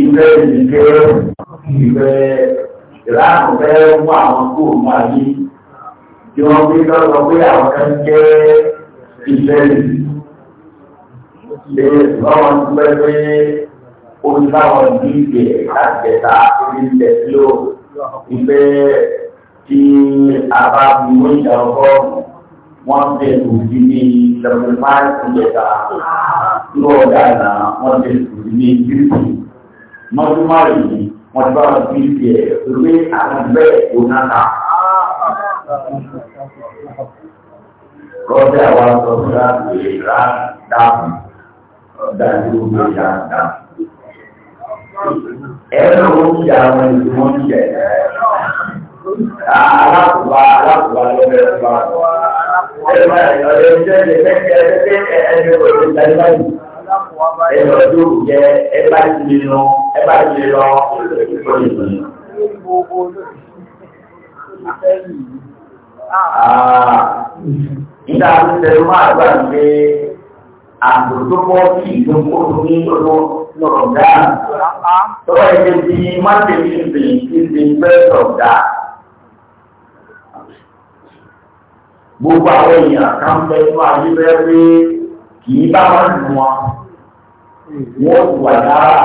ìfẹ́ ìfẹ́ ìfẹ́ ìlànàfẹ́ wà àwọn kó máa yí tí wọ́n gbé lọ́rọ̀ pé àwọn kan jẹ́ ìfẹ́ ìfẹ́ ìwọ́n ti pẹ́ pé ó ní láwọn ní ìgbẹ́ láti jẹta orí ilẹ̀ tí ó ìfẹ́ tí a bá fi mú ìjà ọkọ̀ wọ́n ti ẹ̀kù sí ní ìjọba ìmáà ìjẹta lọ́ọ̀dà náà wọ́n ti ẹ̀kù sí ní ìjíríkì mọ́túmárì yìí wọ́n ti bá wọn bí ti ẹ̀ lórí àwọn bẹ́ẹ̀ tó náà. Kọ́jà wa sọ fún wa pé ra dáàbò dájú ló yà dáàbò. Ẹ̀rọ ló ń yà àwọn ìlú wọn ń yẹ. Alákùbá alákùbá ló bẹ̀rẹ̀ fún wa. Ẹ̀rọ ìjọba ìjọba ìjọba ìjọba ìjọba ìjọba ìjọba ìjọba ẹ̀rọ tó jẹ́ ẹ̀bá ìlú lọ ẹ̀bá ìlú lọ olùkọ́ ìlú. Nígbà tó tẹ̀lé máa gbà pé àgbòdókọ́ sí ìdókòó ní olóòtú lọ́rọ̀ dáa. Tọ́wọ́ ẹgbẹ́ ti máa tẹ̀lé ìpè ìpè pẹ́sọ̀ dáa. Gbogbo àwọn èèyàn kan bẹ́ẹ̀ fún ayé bẹ́ẹ̀ pé kì í bá wọn lù wọn wọ́n ti wà lára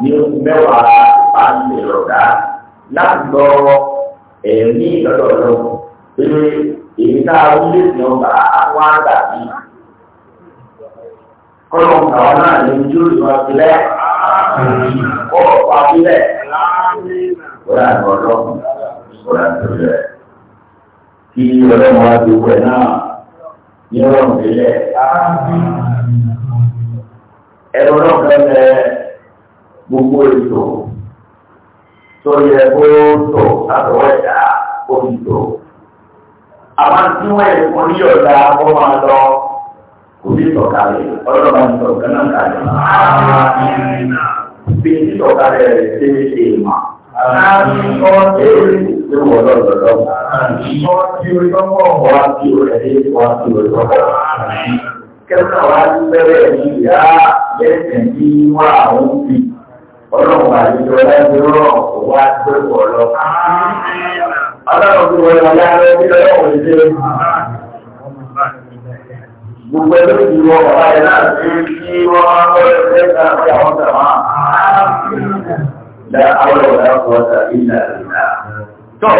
ní oṣù mẹ́wàá bá ń lè rọ̀dá láti lọ ẹ̀mí lọ́dọọdọ pé èyí tá a ń lè fi ọgbà wá dàbí. Kọ́lọ̀ ń kàwọn náà ní ojú ìwọ̀n abilẹ̀ kọ́ ọ̀pọ̀ abilẹ̀ kọ́lá ní ọlọ́run kọ́lá ní ọlọ́run. Kí ọlọ́run wá ti wẹ̀ náà ní ọlọ́run délẹ̀ ẹ̀rọ náà kan lẹ gbogbo ètò tó yẹ kó tò àtọwọ́ ẹ̀dá omi tò. Àwọn tí wọ́n yẹ kó ní ọ̀dà kó máa lọ kò ní sọ̀kalẹ̀ ọlọ́ba ní sọ̀kan náà kalẹ̀. Bí ní sọ̀kalẹ̀ rẹ̀ ṣe é ṣe mà. Ọ̀dẹ́ ìlú wọ̀ lọ́dọ̀ọ́dọ́. Ìṣọ́ tí o lọ́pọ̀ wá sí o rẹ̀ ní wá sí o kẹ́sàn wá lẹ́rẹ̀ ní ìyá lẹ́sẹ̀ ní wà àwọn fi ọlọ́run àdìjọ láti rọ̀ wá pé pọ̀ lọ. ọlọ́run ti wọ́n lọ láàárọ̀ bí ọlọ́run ṣe gbogbo ẹgbẹ́ ti wọ bàbá yẹn láti kí wọ́n máa ń lọ sí ẹ̀ka àti àwọn sàmà. Lá àwọn ọ̀dà kọ̀ ọ̀dà ìlà ìlà. Tọ́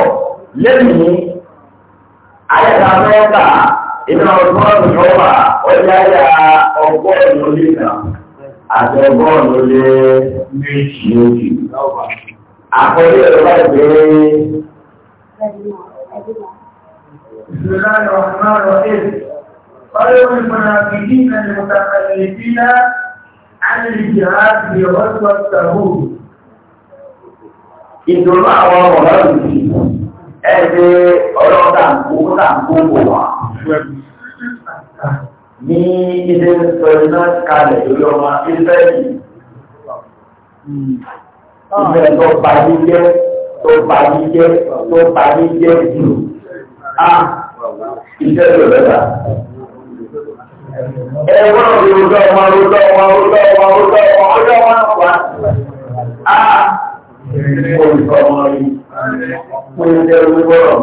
lẹ́yìn ayẹta mẹ́ta iná ọdún ọdún tó wà ọjà ya ọgọ́rùn-ún lé kan àti ọgọ́rùn-ún lé méjì méjì. Àkọlé ẹ̀rọ bá gbé. Ìjọba ìwà máa rọ̀ èdè. قالوا المنافقين المتخلفين عن الجهاد في غزوة تبوك ìdùnnú àwọn ọmọ náà lù sí ẹgbẹ́ ọlọ́dà ń kó dà ń kó wà ní ilé pẹ̀lú náà kalẹ̀ lórí ọmọ ìfẹ́ẹ̀lì ìfẹ́ tó bàbí jẹ́ tó bàbí jẹ́ tó bàbí jẹ́ jù á ìfẹ́ tó lẹ́ta ẹ̀wọ́n olùdó ọmọ olùdó ọmọ olùdó ọmọ olùdó ọmọ olùdó ọmọ wa á olùdó ọmọ yìí kò ní ẹrú gbọ́rọ̀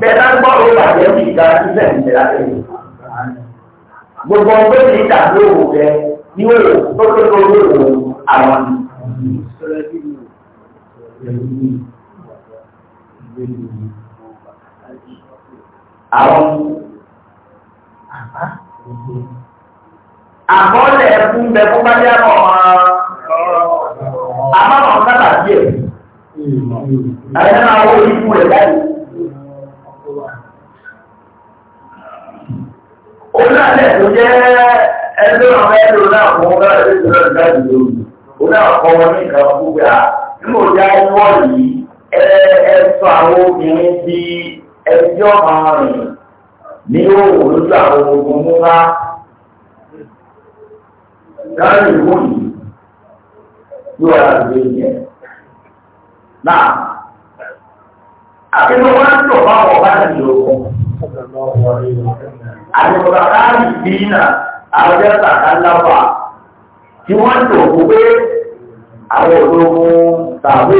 Bẹ́ẹ̀ni gbọ́dọ̀ bàjẹ́ bí ìgbà sílẹ̀ ìgbà lẹ́yìn. Gbogbo ọgbẹ́ ní ìdàgbé òwò rẹ ní òwò tó tó tó ní òwò àwọn. Àwọn àkọọ́lẹ̀ ẹ̀kún bẹ fún bá jẹ́ àwọn ọmọ àmọ́ àwọn sábà díẹ̀. Àyẹ́ máa wọ ikú rẹ̀ báyìí. òun náà lẹ̀ tó jẹ́ ẹgbẹ́ ọmọ ẹlò náà fún ọmọ ẹlò náà jáde lórí òun náà kọ́ wọn ní nǹkan gbogbo à nígbò já ẹwọ́ yìí ẹ sọ àwọn obìnrin di ẹjọ́ ọmọ rìn ní òwò lójú àwọn ogun mú wá láàrin ìwò yìí yóò wá lórí yẹn náà àti mo wá ń lò fáwọn ìlú ogun àtìmọ̀tàkárì bínà àwọjẹ́ta kálábà tí wọ́n tó kú pé àwọn ológun tàbí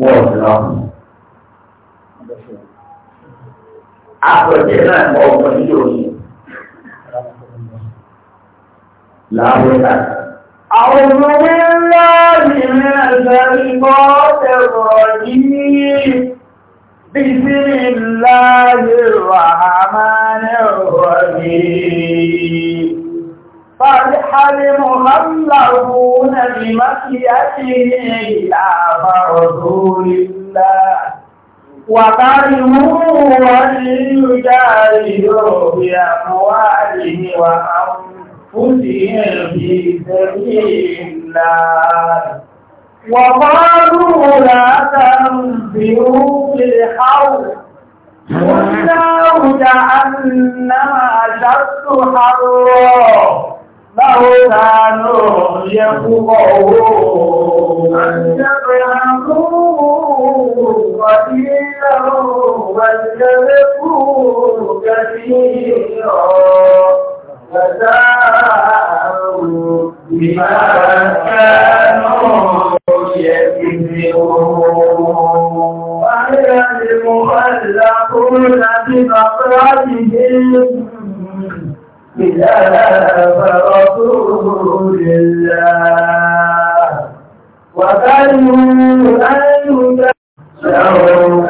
wọ́n lọ. Àpọ̀jẹ́ náà mọ ọgbọ̀n nílò yìí. Láàrín láti. Àwọn ológun ńlá ìrìn àjẹ́ ìgbọ́ tẹ̀rọ yìí. بسم الله الرحمن الرحيم فرح المخلفون بمشيته إلى رسول الله وكرهوا أن يجاهدوا بأموالهم وأنفسهم في سبيل الله وقالوا لا تنبئوا بالحرب الحرب قل نار جهنم أشد حرا لو كانوا يفقهون يفهمون قليلا ويجلبون كثيرا جزاء بما كانوا يكذبون وعلى المخلقون بمقعدهم خلاف رسول الله وكانوا أن لو كانوا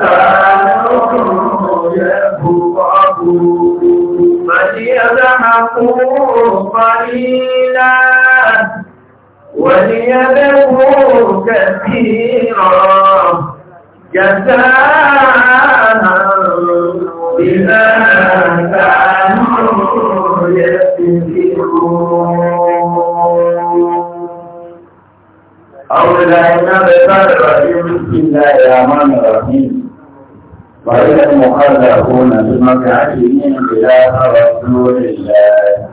يفقهون ليضحكوا قليلا وليبكوا كثيرا جزاء بما كانوا يكسبون أولئك بسم الله الرحمن الرحيم المخلفون بمقعدهم خلاف رسول الله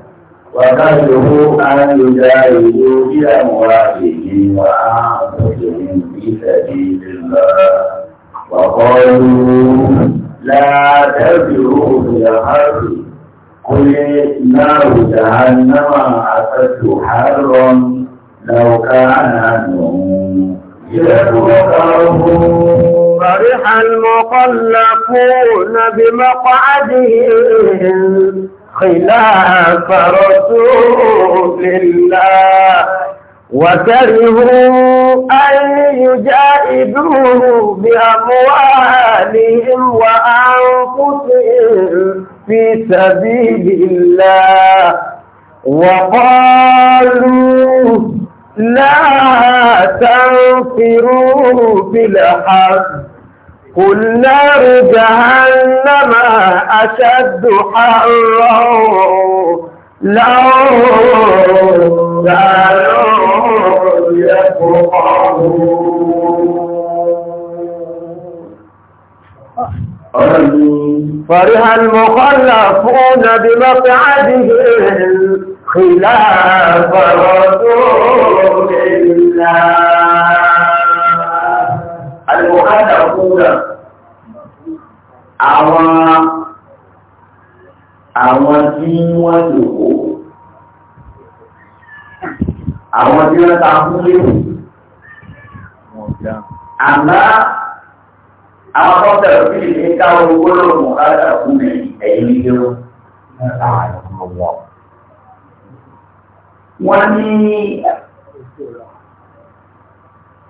وكره أن يجاهدوا بأموالهم وأنفسهم في سبيل الله وقالوا لا تزروا في الأرض قل نار جهنم أشد حرا لو كان نوم يتوقعهم فرح المقلقون بمقعدهم خلاف رسول الله وكرهوا أن يجاهدوا بأموالهم وأنفسهم في سبيل الله وقالوا لا تنفروا في الحرب قل نار جهنم أشد حرا لو كانوا يفقهون فرح المخلفون بمقعدهم خلاف رسول الله náà àwọn àwọn tí wọ́n lòó àwọn tí wọ́n ta fúnlé àmá àwọn kọ́tẹ̀ òbí ní káwọn gbólóhùn láti àkúnlẹ̀ ẹ̀yìn ilé wọn ní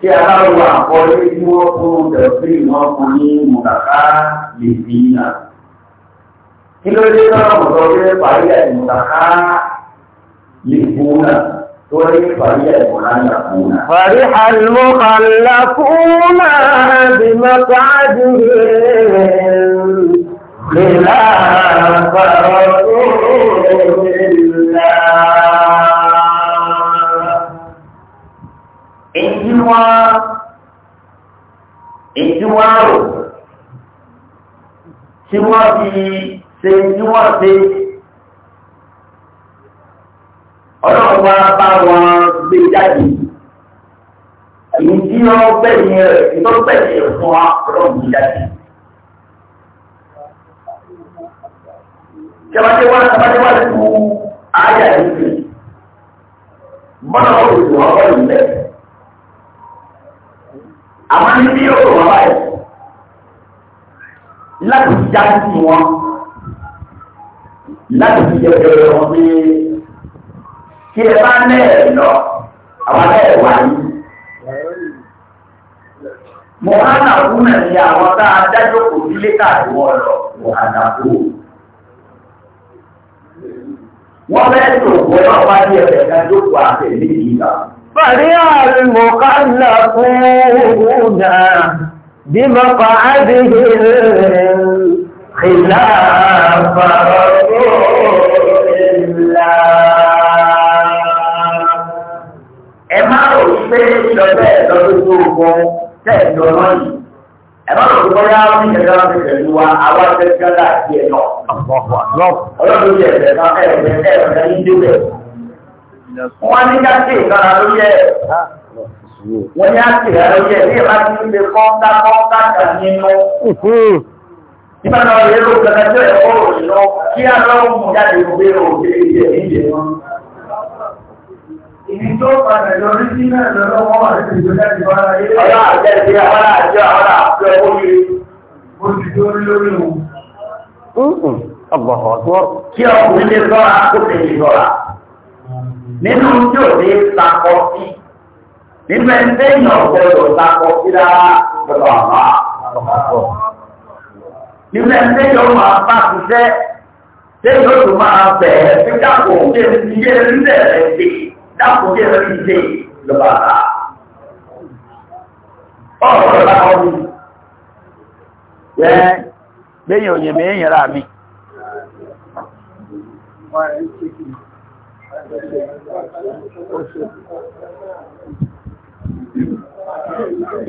tí a bá wà àkọlé tí wọ́n fún dẹ̀fí wọ́n fún ní mùtàkà lè fi nà. kí ló dé náà mọ̀tọ́ pé parí ẹ̀ mùtàkà lè fún nà torí parí ẹ̀ mọ̀lá nà fún nà. Fàrí àlùmọ́kànlá fún náà bí mọ́tà dúró rẹ̀. Lè láàárọ̀ tó rẹ̀ láàárọ̀. èyí tí wọ́n fi ṣe tí wọ́n ṣe ọlọ́run bá wọn gbé jáde èyí tí wọ́n gbẹ̀yìn rẹ̀ fún wa jáde. aya yi àwọn ní bí yóò wọ́n báyìí láti já sí wọn láti fi jẹ́ ẹ̀rọ wọn pé kí ẹ bá nẹ́ẹ̀ lọ àwọn nẹ́ẹ̀ wà ní. mo há nà fún ẹ̀ ní àwọn tá a dájọ́ kò nílé káàdì wọn lọ mo há nà fún. wọ́n tó wọ́n bá wá ní ẹ̀rẹ̀ kan tó kọ àtẹ̀ ní ìgbà. فرح المخلفون بمقعدهم خلاف رسول الله ẹ má rò pé lọ́bẹ̀ lọ́dún tó kọ tẹ́ẹ̀dọ̀ náà yìí ẹ má rò pé bọ́yá wọn ní ẹ̀dá wọn fẹ̀sẹ̀ lu wa àwọn akẹ́kọ̀ọ́ láti ẹ̀ náà ọlọ́dún yẹ̀ ẹ̀dá ẹ̀ẹ́dẹ̀ ẹ̀ẹ́dẹ̀ yìí débẹ̀ wọ́n ní ká sí ìkànnà ló yẹ wọ́n ní á sì rẹ̀ ló yẹ bí ìbá ti lè kọ́ ńká kọ́ ńká kà nínú. nígbà náà lè lo kankan tí ó yẹ kó ròyìn lọ kí á lọ́wọ́ mú jáde gbé òde ìjẹ níjẹ wọn. Ìdí tó padà lọ rí sí náà lọ lọ́wọ́ àti ìjọba ti wá láyé. Ọlá àjẹ́ ìdí àwọn àjọ àwọn àjọ orí oṣù tó rí lórí òun. Ọgbọ̀n ọ̀tún. Kí ọkùnrin lè sọ́ra kó lè sọ́ra nínú tí ò ní sakọ sí nínú ẹgbẹ́ èèyàn gbọdọ̀ sakọ sí rárá gbọdọ̀ àbá nínú ẹgbẹ́ èèyàn máa bá ṣiṣẹ́ ṣé yóò tún máa bẹ̀rẹ̀ sí dàpọ̀ òkè ìyẹ́ nílẹ̀ rẹ̀ sí dàpọ̀ òkè rẹ̀ èèyàn rà mí. Wọ́n rẹ̀ ń ṣe kìí.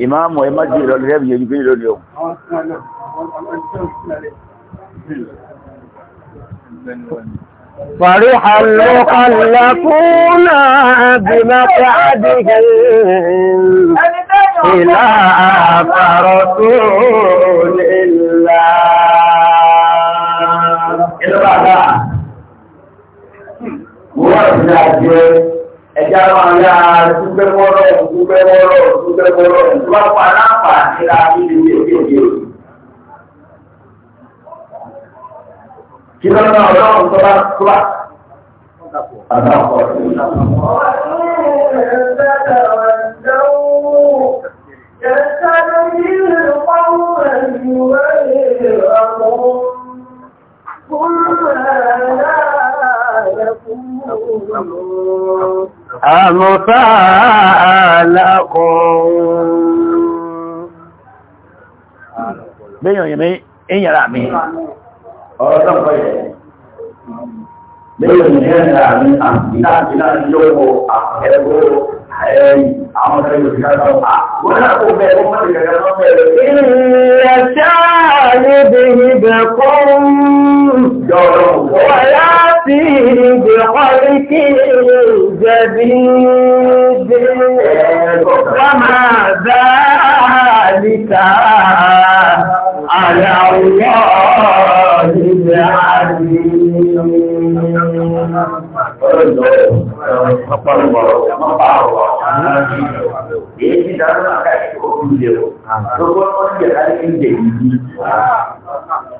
امام وإمام جی رول رہے ہیں یہ رول یوں فرح اللقلقون بمقعده إلى فرسول الله wọ́n ti dá jẹ ẹja máa yá dúpẹ́ mọ́rọ̀ dúpẹ́ mọ́rọ̀ dúpẹ́ mọ́rọ̀ ìtura pa láǹfà níra níbi ìwé kí ló ọlọ́run tó bá tó Àdàpọ̀ Yẹ́sàdé àmútàlákùn bẹ́yàn yẹ̀mí ìyàrá mi ọ̀rọ̀ tó Bẹ́yìn ìrìnlẹ̀ àmì àmì láti láti yóò àẹ̀gbò Ìyẹ̀ ṣáàrí bèèrè bẹ̀kún wà láti ìgbẹ̀kọ́rí kí jẹ̀bí jẹ́ wà máa dáàlìkà àyàwó ìgbẹ̀ àrí. Ọ̀rọ̀ ìjọ́ ọ̀rọ̀ ìpapàrọ̀ Dia tidak mengangkat hukum dia. Hukum orang dia kali ini jadi.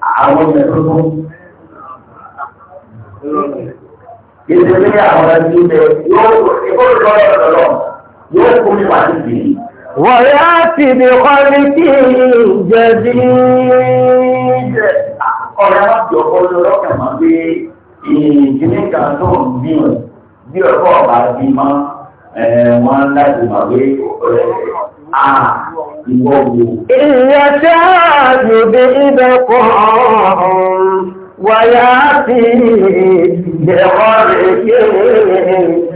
Awal dan hukum. Dia sebenarnya awal ini. Yo, ikut orang tolong. Yo, kami masih di. ويأتي بخلق جديد Orang joko lorok yang mati, ini kan tu bi, bi apa wọ́n láti mọ̀ pé ìwọ̀ wò. Ìyẹ̀ṣẹ́ àjòdè ibẹ̀ kan wàyá sí ìgbẹ̀rọ̀ rẹ̀ ṣe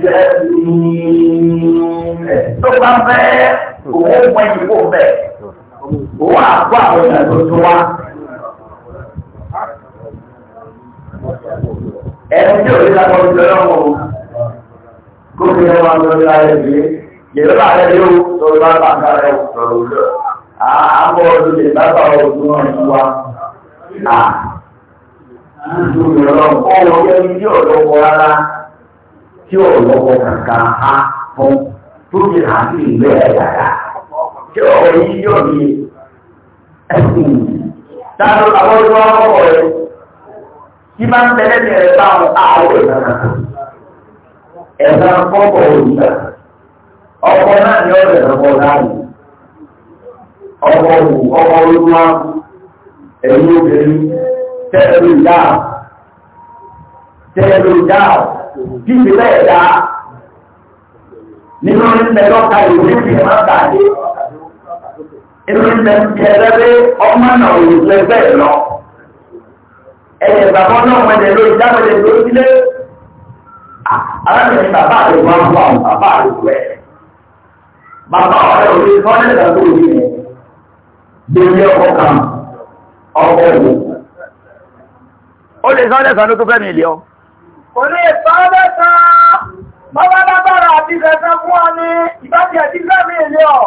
jẹ́ tó bá fẹ́ òun pẹ́ ìwò bẹ̀ wà pọ̀ àwọn ìrìnà tó tó wá. Ẹni tí ò rí lápọ̀ ìjọ lọ́wọ́ kókè ẹ máa ayé ìdílé yèrè bá rẹ yóò lọ bá bá ń kárẹ ọ̀rọ̀ lọ àbọ̀ ọdún lè bá bá ọdún náà yí wa à ìdúró lọ kó o yẹ ní ọlọ́wọ́ rárá tí ọlọ́wọ́ kankan á fún tó ti hàn ìgbé ẹ̀ yàrá tí ọ̀rọ̀ yìí yọ̀ ní ẹ̀sìn dáadọ́ àwọn ọdún wọn kọ̀ ẹ̀ máa ń tẹ́lẹ̀ ní ẹ̀ bá àwọn àwọn ìgbà kan ẹ̀ka kọ́kọ́ òrìṣà ọkọ náà ni ọ̀rẹ́ ọkọ láàyè ọkọ òwò ọkọ olúwa ẹ̀yìn obìnrin tẹ́lú ìdá tẹ́lú ìdá kíkì bẹ́ẹ̀ dá nínú ilẹ̀ lọ́ka ìwé fi máa tàdé inú ilẹ̀ kẹrẹ́rẹ́ ọmọ náà òwò lẹ́gbẹ̀ẹ́ lọ ẹ̀yẹ̀ bàbá náà wọ́n lè lo ìdáwọ̀lẹ̀ lórílẹ̀ arábìnrin bàbá rẹ̀ wá wà ó bàbá rẹ̀ wẹ̀. Bàbá ọ̀rẹ́ òní sọ́lẹ̀ ìdàgbò òní rẹ̀ gbèrè ọkọ̀ kan ọkọ̀ wò. Ó lè sọ́lẹ̀ sọ́nú tó fẹ́ mi lé ọ. Kò lè sọ́lẹ̀ sọ́n. Bọ́lá lábára àti ìrẹsẹ̀ fún ọ ní ìbájú ẹ̀dí fẹ́ mi lé ọ.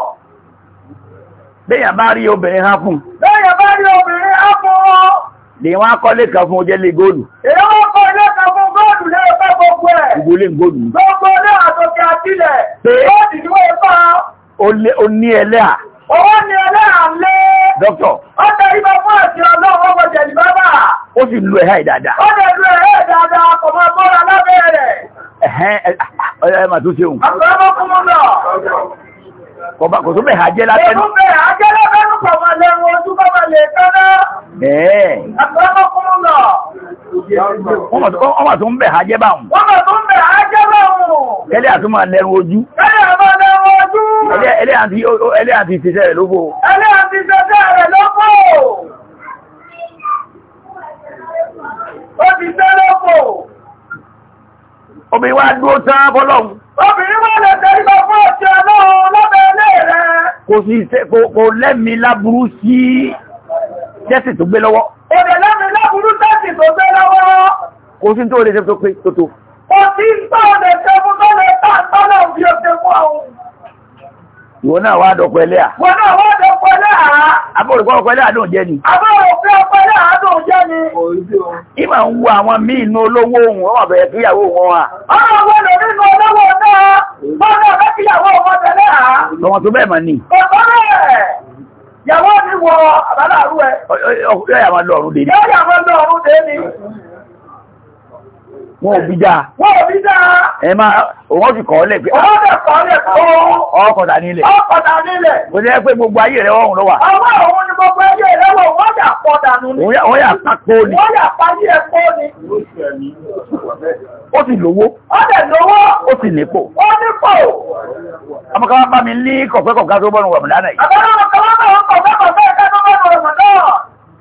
Béèyàn bá rí obìnrin há fún. Béèyàn bá rí obìnrin há fún Ìsìláàmù gbogbo ẹ̀. Gbogbo náà àtòkè àtílẹ̀. Pé ó dì bá. Ó ní ẹlẹ́à. Owó ní ẹlẹ́à lé. Dọ́kítọ̀. Ó tẹrí bá fún àti ọlọ́run ọmọ jẹ̀lì bábà. Ó sì lu ẹ̀há ìdáadáa. Ó lè lu ẹ̀há ìdáadáa kò máa bọ́ra lábẹ́ rẹ̀. Ẹ̀hẹ́n ẹ̀ wọ́n mọ̀ tó ń bẹ̀ ajẹ́ báhùn. wọ́n mọ̀ tó ń bẹ̀ ajẹ́ báhùn. ẹlẹ́ àtúmọ̀ lẹ́rù ojú. ẹlẹ́ àmọ́ lẹ́rù ojú. ẹlẹ́ àti ìṣẹ́ṣẹ́ rẹ̀ lóbò. ẹlẹ́ àti ìṣẹ́ṣẹ́ rẹ̀ lóbò. ó ti obìnrin wá dúró tán fọ́lọ́hun. obìnrin wá lọ tẹ́lẹ̀ bá fún ọ̀sẹ̀ ọlọ́run lọ́bẹ̀ ilé rẹ̀. kò sí kò sí jẹ́sì tó gbé lọ́wọ́. òdè lẹ́mìí láburú tá méjì tó gbé lọ́wọ́ kò sí tó lè ṣe tó pé tó tó kò sí tó lè ṣe fún tó lè tà tọ́lá òbí ọ̀sẹ̀ fún àwọn ìwọ náà wá dọ̀pọ̀ ẹlẹ́à wọ́n náà wá dọ̀pọ̀ ẹlẹ́à abọ́rùkọ́ ọ̀pọ̀ ẹlẹ́à dùn jẹ́ ni abọ́rùkọ́ ọ̀pọ̀ ẹlẹ́à dùn jẹ́ ni ìmọ̀ ń wo àwọn míì inú olówó ohun ọmọ bẹ̀rẹ̀ tó yàwó wọn wà ọmọ wọn lò nínú olówó náà bọ́ọ̀nà Ìyàwó mi wọ àbálàrú ẹ. Ọ̀yọ́ yà máa lọ ọ̀run dé ni. Yọ́ yà máa lọ ọ̀run dé ni wọn ò bí dáa wọn ò bí dáa ẹ máa òun ti kọ́ lẹ̀ pé òun ti kọ́ lẹ̀ pé ọkọ̀ dà nílẹ̀ ọkọ̀ dà nílẹ̀ kò jẹ́ pé gbogbo ayé rẹ̀ ọ̀hún ló wà. àwọn òun ni gbogbo ayé rẹ̀ wọ̀ wọ́n yà pọ̀ dànù ni wọ́n yà pa kó ni wọ́n yà pa yí ẹ̀ kó ni. ó ti lówó ó dẹ̀ lówó ó ti nípò ó nípò. àmọ́ ká wá bá mi ní kọ̀pẹ́kọ̀ká tó bọ́nu wà mí lánàá yìí. àbẹ́rẹ́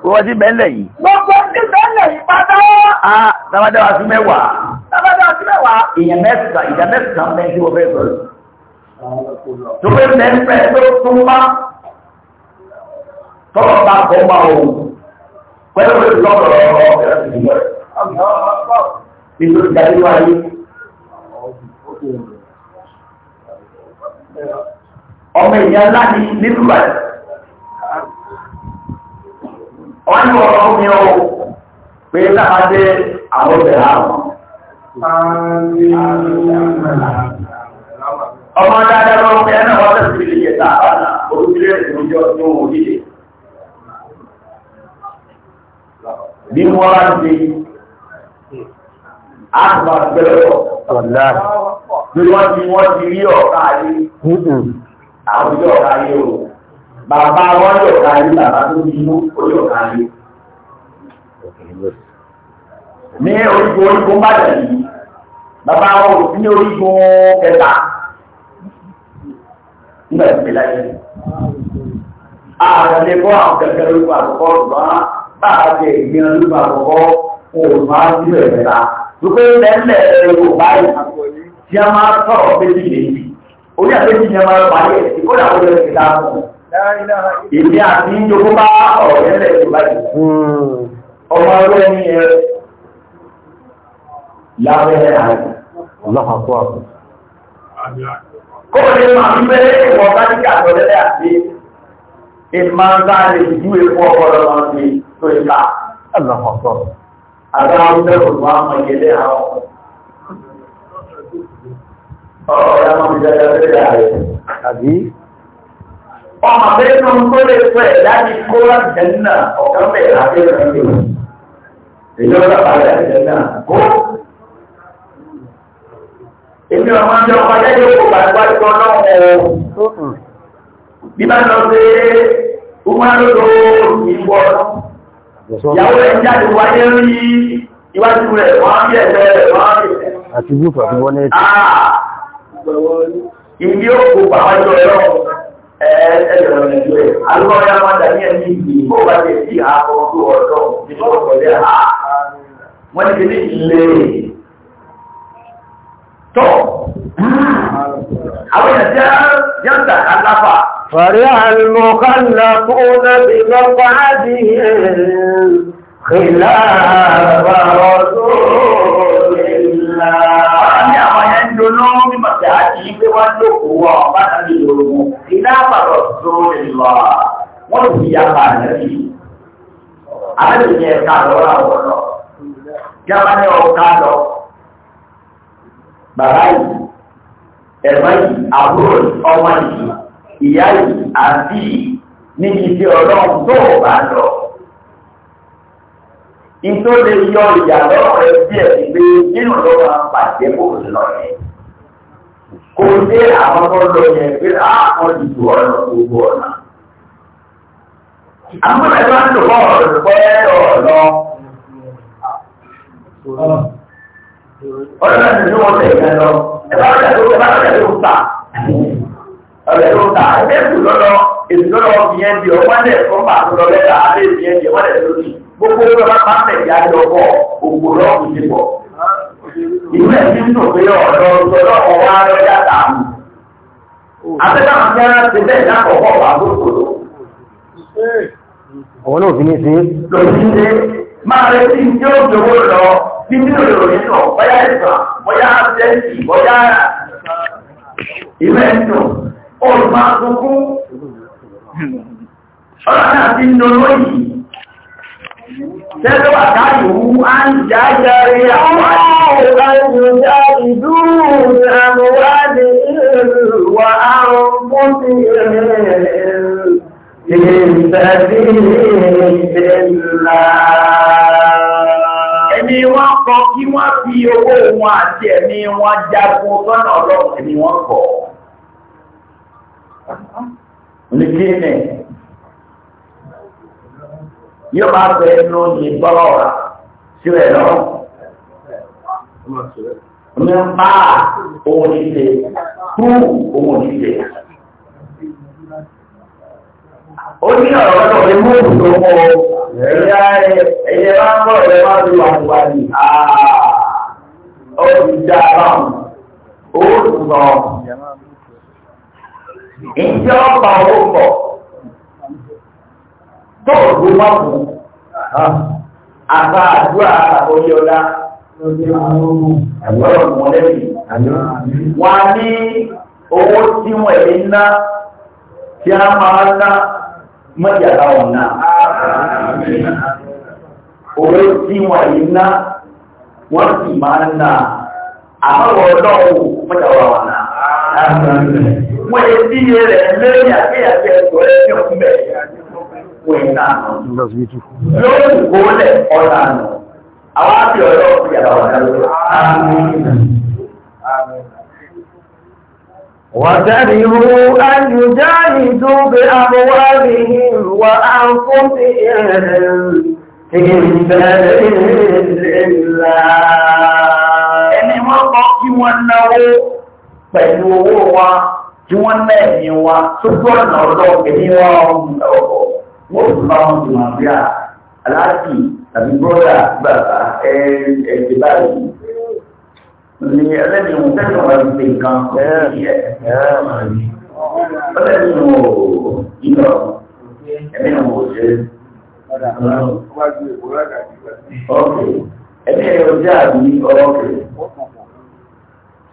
Gbogbo ti bẹ́ẹ̀lẹ̀ yìí. Gbogbo ti bẹ́ẹ̀lẹ̀ yìí pátá. A tabadáwa sí mẹ́wàá. Tabadáwa sí mẹ́wàá. Ìyẹn mẹ́ta ìdá mẹ́ta ń bẹ sí wọ́n fẹ́ sọ̀rọ̀. Tó fẹ́ mẹ́fẹ́ tó tún bá tọ́lọ̀ bá kọ́ bá o. Pẹ̀lú ìlọ́rọ̀ ọ̀rọ̀ ìdílé. Nítorí ìdájọ́ wáyé. Ọmọ ìyá ńlá ni nílùú báyìí. wọ́n ọrụ ọ̀rọ̀ mi ó pé káàdé ha obìnrin àwọn. ọmọ dáadáa lọ pé ẹ̀nà wọ́n tẹ̀sí ilé ìyẹ̀ta àbáta orúkílẹ̀ ìrìnjọ tó wò nílé. bí wọ́n bá ń ṣe àgbà gbẹ̀rọ̀ lórí wọ́n ti rí ọ̀ká ayé bàbá wọn yọ̀ ká yín bàbá tó bínú ó yọ̀ ká yín. ní orígun orígun bá dẹ̀ yìí bàbá wọn ò sí ní orígun kẹta nígbà tí mi láyé. ààrẹ lè bọ́ àwọn kẹ̀kẹ́ lórúkọ àkọ́kọ́ ṣùgbọ́n bàbá ti ìgbìn lórúkọ àkọ́kọ́ òun máa ń sílẹ̀ mẹ́ta. Dùkú lẹ́lẹ̀ ẹ̀rọ báyìí tí a máa sọ̀rọ̀ méjì lèyí. Orí àpéjì ni a máa parí ẹ̀ kó dàbọ̀ Ìdí àti ìjogún bá ọ̀rẹ́ rẹ̀ tó báyìí. Hmm. Ọmọ ọlọ́ ẹni ẹ lábẹ́rẹ́ àìsàn. Ọlọ́pàá kó àpò. Kọ́ọ̀lẹ́ máa ń bẹ́ ìwọ̀n bá ní kàtọ̀ lẹ́lẹ́ àti ìmọ̀ ń bá lè ju epo ọpọlọ máa ń tó ìta. Ọlọ́pàá àpò. Àgbà ń bẹ́ òun wá mọ̀ ìyẹlẹ́ àwọn ọmọ. Ọ̀rọ̀ ọ̀rọ̀ máa ń jẹ́ ọmọ abẹ́rẹ́ tó ń tó lè fẹ́ láti kó láti náà ọ̀kan bẹ̀rẹ̀ láti rẹ̀ ń lò. Èyí ọ̀rọ̀ àpàdé àti náà kó. Èmi ọmọ ọjọ́ ọmọdé yóò kó pàdé tó náà o. Bí bá lọ sí Umaru tó ìwọ ìyàwó rẹ̀ jáde wáyé rí iwájú rẹ̀ wọ́n á bí ẹ̀fẹ́ rẹ̀ wọ́n á bí ẹ̀fẹ́. Àti gúúfù àti wọ́n ní ètò. Ìdí ó kó pàwájú ọ̀rọ̀ ẹ̀ẹ́dẹ̀rọ̀ nàìjíríà alùpàá yà máa dàní ẹni ìgbì kó bá jẹ sí àpò tó ọ̀dọ́ ìfọwọ́kọ̀lẹ́ à wọ́n ti ní ilé tọ́ àwọn ìyàjá yàtà aláfà. فرح المخلفون بمقعدهم خلاف رسول الله. أنا ما يندلون بمساجد وندقوا وأنا بيروم ìdáàbàbọ̀ tó lè lọ wọ́n ti ya pàdé bí àbẹ̀lẹ̀ yẹn ká lọ làwọn lọ yàrá ni ọ̀ká lọ bàbá yìí ẹ̀rọ yìí àbúrò ọmọ yìí ìyá yìí àti níbi tí ọlọ́run tó bá lọ nítorí yọ ìyàlọ́ rẹ̀ díẹ̀ pé nínú ló máa ń bàjẹ́ bò kò dé àwọn ọlọ́ yẹn pé àwọn ìlú ọ̀nà gbogbo ọ̀nà. Àwọn ẹ̀rọ ń lò bọ́ ọ̀rọ̀ ẹ̀rọ ọ̀nà. Ọ̀nà ìlú wọn lè yẹn lọ. Ẹ̀bá ọ̀rẹ́ tó bá ọ̀rẹ́ tó ta. Ọ̀rẹ́ tó ta. Ẹgbẹ́ ìlú lọ́lọ́ èsì lọ́lọ́ fi yẹn di ọ̀pá lẹ̀ fún bàtú lọ lẹ́ta àbẹ́ ìfi yẹn di ọ̀pá lẹ̀ lórí. Gbogbo ọ̀rọ̀ bá ìwé ẹ̀sìn tó pé ọ̀dọ́ ọ̀dọ́ ọ̀wá lọ́jà tààmù. Afẹ́fẹ́ àwọn akẹ́rẹ́ ti bẹ́ẹ̀ lákọ̀ọ́kọ́ wà lókòó. Àwọn náà fi ní sí. Lòdì ní máa rẹ sí ní ó jòwó lọ bí ní òyòrò nínú bóyá ìtàn bóyá sẹ́ǹtì bóyá ìwé ẹ̀sìn olùmọ̀ àtúnkú. Ọlọ́run àti nínú olóyìí. Tẹ́lẹ̀wà káàkiri á ń jájárí àwọn Ẹni wọ́n kọ kí wọ́n fi owó wọn àti ẹ̀mí wọn jagun sọ́nà ọlọ́pẹ̀ ni wọ́n kọ̀. Ní kí ni? yóò bá fẹ́ ẹnu yìí bọ́lọ̀ ọ̀rá sílẹ̀ lọ́wọ́. Omi ń bá òun ní ṣe, kú òun ní ṣe. Ó ní ọ̀rọ̀ náà ní mú òun tó kọ́ ẹ̀yẹ bá ń bọ̀ bá ń lu àgbà ní ó ti dá báwọn. Ó sùn lọ. Ìjọba ó bọ̀ tọ́ọ̀gbó má kù àbá àdúrà àkọyé ọlá ẹ̀wọ́rọ̀ mọ̀lẹ́bí wọ́n á ní owó tí wọ́n èyí ná tí a máa ná mọ́jàlá ọ̀nà owó tí wọ́n èyí ná wọ́n sì máa ná àbáwọ̀ ọlọ́wọ́ mọ́jàlá ọ̀nà wọ́n èyí tí rẹ̀ lẹ́yìn àkéyàké ẹ̀kọ́ ẹ̀kọ́ mẹ́rin kó yẹn náà nù. lórí ìkólẹ̀ ọ̀nà nù. àwọn àti ọ̀rọ̀ ọ̀fìn yàrá wà lálẹ́. وَكَرِهُوا أَنْ يُجَاهِدُوا بِأَمْوَالِهِمْ وَأَنْفُسِهِمْ Ẹni wọ́n kọ́ kí wọ́n náwó pẹ̀lú owó wa, kí wọ́n náà ẹ̀mí wa, tó gbọ́nà ọ̀dọ́ ẹ̀mí wa ọmọ ọ̀pọ̀ wọ́n tún bá wọn tún máa bí a aláàjì tàbí bọ́dà bàbá ẹ̀ẹ́dẹ̀ báyìí ní ẹlẹ́ni ìwọ̀n tẹ́lẹ̀ wọn ti pè nǹkan ọlẹ́ni ìwọ̀n ò yíyọ ẹ̀mí ìwọ̀n ò ṣe. ọ̀kẹ́ ẹ̀mí ẹ̀rọ jẹ́ àbí ọ̀kẹ́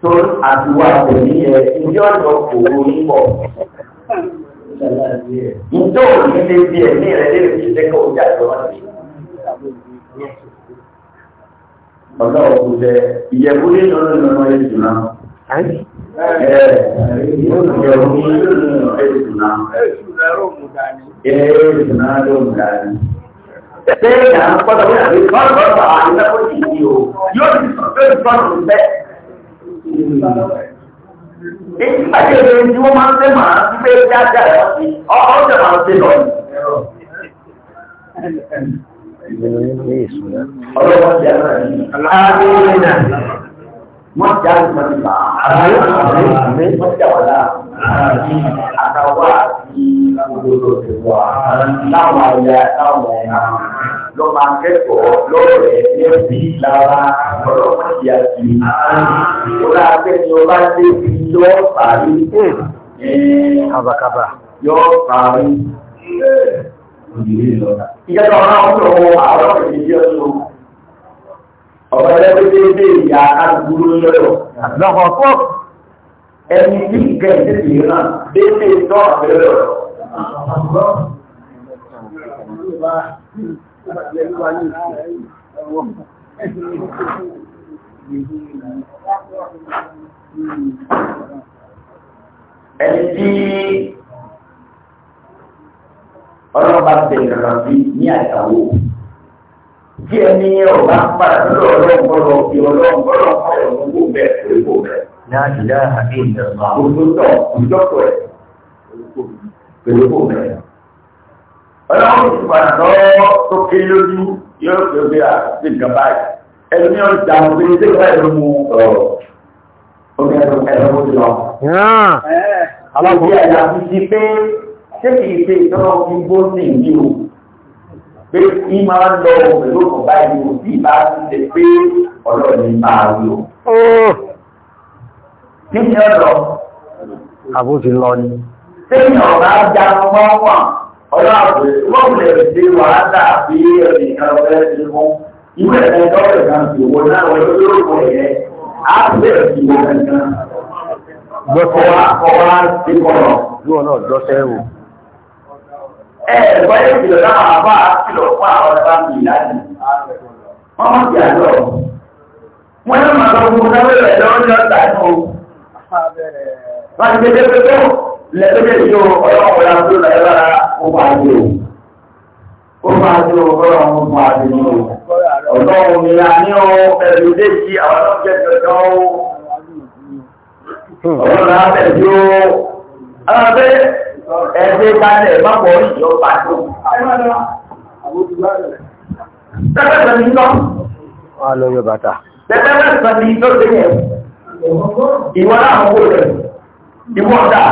tó àtiwá pẹ̀lú ẹ̀ ìjọ́ ìjọ kò wọ́n ń bọ̀. Intorno che devi dire, nere, deve dire contatto la Bakao kute ìyẹ̀wúrí lọ́nà ìlànà ìdùnnà. Ìyẹ̀wúrí lọ́nà ìdùnnà. Ìdùnnà ló ń dání. Ṣé ìyá ń pọ́tọ̀ bí àbí bọ́ọ̀lù bọ́ọ̀lù àwọn ìlànà ìdí o? Yóò ti sọ pé bọ́ọ̀lù bẹ́ẹ̀. Nígbà tí èdè ni wọ́n máa ń fẹ́ màá ń gbé dáadáa rẹ̀ wọ́n ti ọ̀ọ́ jẹ̀ máa ń fẹ́ lọ Ọlọ́wọ́ ti àná yìí. Àmínà. Wọ́n ti àná ìmọ̀ nípa. Àmín. Wọ́n ti àwọn ará. Àtàwọn àti olódodo wa. Láwọn ayé, láwọn ẹ̀yà lọ́ba akẹ́kọ̀ọ́ lọ́rẹ̀ ẹbí lára ọlọ́pàá ìyá sí i. Ọlá akẹ́ni ọba dé bí hmm. yọ parí. Kàbàkàbà. Yọ parí. Ìjọba ọ̀nà ọ̀dọ̀ wo àwọn ènìyàn yọ so. Ọ̀pọ̀ ẹlẹ́gbẹ́ déédé ìyá àdúgbò lọ́dọ̀. Lọ́kọ̀ pọ̀. Ẹni tí ìkẹ́ ìdíje náà déédé náà bẹ̀rẹ̀ ẹni tí ọlọ́ba bẹ̀rẹ̀ rọ̀ sí ní àtàwọ̀ tí ẹni ọba ń padà lọ́dọ̀ ọlọ́gbọ́lọ́ ọ̀rọ̀ gbogbo bẹ̀rẹ̀ gbogbo bẹ̀rẹ̀. láti dáhà ní ìjọba ọlọ́run ti padà lọ́wọ́ tó ké lójú yóò pè bí a ti nǹkan báyìí ẹni ní ọjà pé ṣé ìwà ìlú mu ọ̀rọ̀ omi ẹ̀rọ ẹ̀rọ ó lọ. alábòóyè ẹ̀yà ti di pé ṣé kì í ṣe ìtọ́nà igbó sí ìdí o pé kí máa ń lọ pẹ̀lú ọkọ̀ báyìí o bí ìbá ti ṣe pé ọ̀rọ̀ ni máa lò. kí ni ọ̀rọ̀? àbúṣe lọ ni. ṣé ìyàn bá já mọ́ wọn? ọlọ́àbò wọ́n lè ṣe wàhálà bí ẹnìkan ọ̀rẹ́ ti mú ìwé ẹ̀rẹ́ dọ́rẹ̀ kan ti wọ náà wọ́n yóò wọ ẹ̀yẹ á bẹ̀rẹ̀ sí wọ kankan. Gbọ́sẹ̀ ọwá ti kọ̀rọ̀. Yóò náà dọ́sẹ̀ wò. Ẹ ẹ̀gbọ́n yóò kìlọ̀ náà àbá kìlọ̀ fún àwọn ọ̀dọ́ àmì ìlàjì. Wọ́n mọ̀ sí àjọ. Wọ́n yóò máa lọ fún ọjọ́ bẹ̀rẹ̀ lọ́jọ́ lẹ́tọ́jẹ́ ìjọ ọlọ́pọ̀lá tó lára ó máa jẹ́ o ó máa jẹ́ o kọ́lọ̀ ọmọ máa jẹ́ o ọ̀dọ́ òmìnira ní ọ ẹ̀rù déjì àwọn ọlọ́pẹ́ jọjọ́ o ọlọ́pẹ́ àbẹ̀jọ́ alábẹ́ ẹgbẹ́ kalẹ̀ mọ́pọ̀ ìjọ pàtó tẹ́tẹ́tẹ́ ní lọ. wọ́n á lọ yọ bàtà. tẹ́tẹ́tẹ́ ní lọ sí yẹn ìwọ́n náà ń wò rẹ̀ ìwọ́n dáa.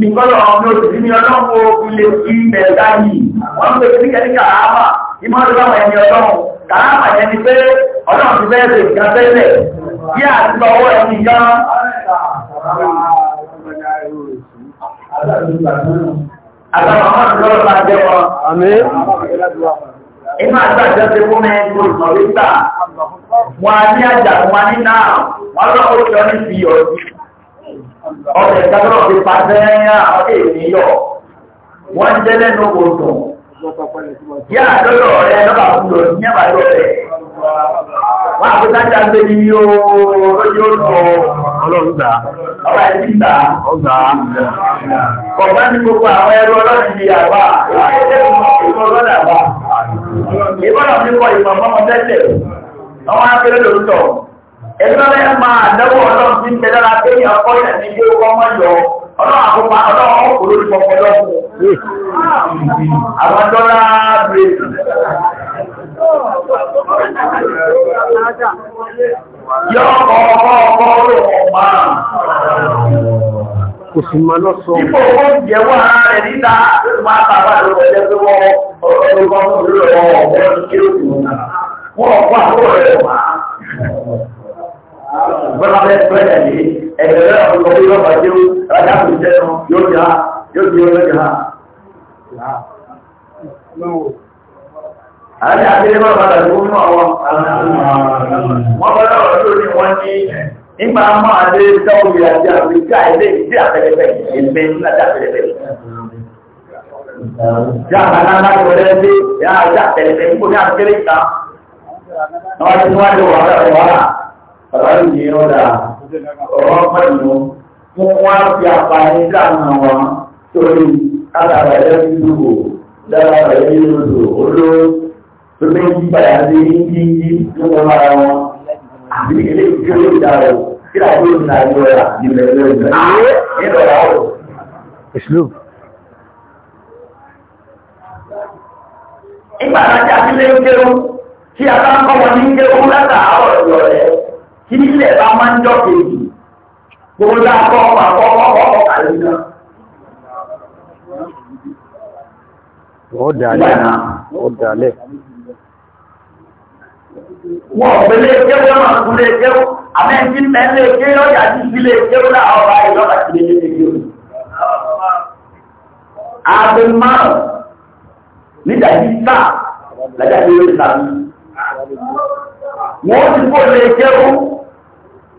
nìkọ́lọ̀ ọmọ òṣèlú ní ọlọ́pọ̀ ogun lè fi mẹ́ta yìí wọ́n ń pèsè níkẹ́ ní kàáàmà ìmọ̀lọ́wọ́ ẹni ọlọ́run kàáàmà yẹn ni pé ọlọ́run ti bẹ́ẹ̀ bẹ̀rẹ̀ ìjà tẹ́lẹ̀ bí àtúbọ̀ ọwọ́ ẹni gan. àgbàmọ̀ máa ń lọ́rọ̀ máa jẹ́ wọn. Iná àgbàjọ́ ti fún mi gbòòrò ìgbà. Wọ́n á ní àjà, wọ́n á ní náà, wọ́n lọ́kọ̀ọ́ ọ̀rọ̀ ìdájọ́ fi pa sẹ́yà ọdẹ ìníyọ̀ wọ́n ń jẹ́ lẹ́nu kò dùn. Yá àdọ́dọ̀ rẹ lọ́ba kúlò ní àbájọ rẹ̀. Wọ́n àti sájà ń bẹ́ni ní oóóóóóóóóó ọlọ́run gbà. Ọba ẹ̀sìn gbà. Ọgbà. Kọ̀ọ̀bá ní gbogbo àwọn ẹrú ọlọ́run di àbá. Èyí ẹ̀jẹ̀ ìmọ̀ ọlọ́run àbá. Ìbọ̀lọ̀ mi kọ ìmọ̀ mọ́mọ́ tẹ́tẹ̀. Àwọn akérèdọ̀ ẹgbẹ́ máa dẹ́wọ́ ọlọ́run tí ń tẹ lára pé ní ọkọ yẹn ní ilé ọkọ mọ́ yọ ọlọ́run àkópa ọlọ́run ọkọ̀ lórí pọpọ lọ́wọ́ àwọn dọ́là bèèrè. yọ ọkọ̀ ọkọ̀ ọkọ̀ ló wọ̀ máa. kò sì máa lọ sọ. ipò owó jẹ́ wà rẹ̀ níta máa bàbá lọ́wọ́ ẹgbẹ́ pé wọ́n ọ̀rọ̀ ọ̀rọ̀ ọ̀rọ̀ ọ̀rọ̀ kí ó kù. wọ́n ọ̀pọ̀ àbúrò rẹ̀ wà bọ́lá bẹ́ẹ̀ bẹ́ẹ̀ yìí ẹ̀gbẹ́ rẹ̀ ọ̀pọ̀ bí wọ́n bá jẹ́ ó rájá kò jẹ́ ọ yóò jẹ́ ha yóò jẹ́ ọlọ́ jẹ́ ha. Àti àkílé máa bàtà tó mú àwọn wọ́n bá dáwọ̀ tó ní wọ́n ní nígbà máa dé dáwọ̀bì àti àfíríkà ilé ìdí àfẹ́lẹ́fẹ́ ìgbé ńlá àfẹ́lẹ́fẹ́. Jáàmà náà láti wọlé sí yáà jáà tẹ̀lẹ̀fẹ́ nígbò ní àfẹ́lẹ́fẹ́ ìta. Wọ́n ti wá ní wàhálà bàbá mi ní ọ̀dà ọ̀rọ̀ pẹ̀lú fún wọn fi àpáyé dáná wọn torí látara ẹ̀yẹ́ dídúgbò látara ẹ̀yẹ́ dídúgbò olóró tó ní ìpàdà sí yíyí nínú ara wọn àbí ilé ìkéwé ìdáwó kí làwọn yóò ní àjọ ẹ̀rà nílẹ̀ lẹ́yìn nílẹ̀ ọ̀rọ̀. Islam. Ìgbà láti ń kéwú tí a bá ń kọ́ wọn ní kéwú látàárọ̀ ìrọ̀lẹ́ ibi tí ẹ̀bá máa ń jọ kejì gbogbo dákọ́ àkọ́ ọkọ̀ àìyíká. Ó dàlẹ̀ náà, ó dàlẹ̀. Wọ́n ọ̀gbẹ́lé kéwọ́ máa kú lé kéwọ́, àmẹ́ ti mẹ́lẹ̀ kéwọ́ yàtí sílé kéwọ́ náà ọba ìlọ́pàá ti lé lé kéwọ́. Aago márùn-ún nígbà tí sáà lájà lórí ìsàmì. Wọ́n ti kó lé kéwọ́.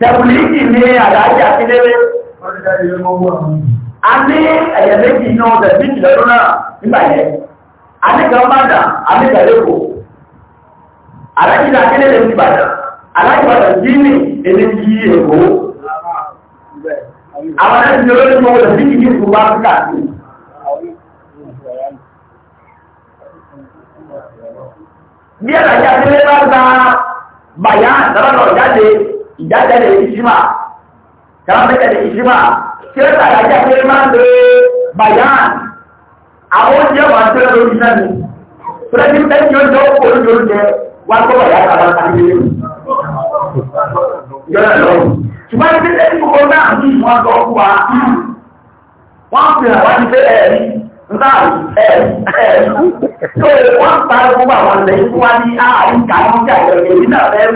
tẹ̀wùlìkì ní àdájá kíléré a ní ẹ̀yẹ̀ méjì ní ọdẹ̀ méjì lẹ́rú náà nígbàyẹ̀ a ní kan bá dà a ní kẹ̀lẹ́kò alájìlá kíléré ní ìbàdàn alájìbàdà jíní èdè jí èkó àwọn ẹ̀sìn ní olóòtú ọdẹ̀ méjì ní ìlú bá áfíríkà sí bí àdájá kíléré bá gba bàyá dábàdàn jáde ìjáde lè ìjímà kàrámẹ́kẹ̀ lè ìjímà tí ó tàbí ajá pé máa ń lè bayan àwọn oúnjẹ wà tó lọ lórí náà ni pẹ̀lú ẹni ó jọ kó lórí oúnjẹ wà tó wà yàtà bá tàbí lè yọ̀rọ̀ lọ ṣùgbọ́n ní pé ẹni gbogbo náà ní ìwọ̀n tó kú wa wọ́n fi hàn wá ní pé ẹ̀rí náà ẹ̀rí ẹ̀rí tó wọ́n parí gbogbo àwọn ilẹ̀ ìfúnwa ní àárín kàwọn jà ìrọ̀lẹ́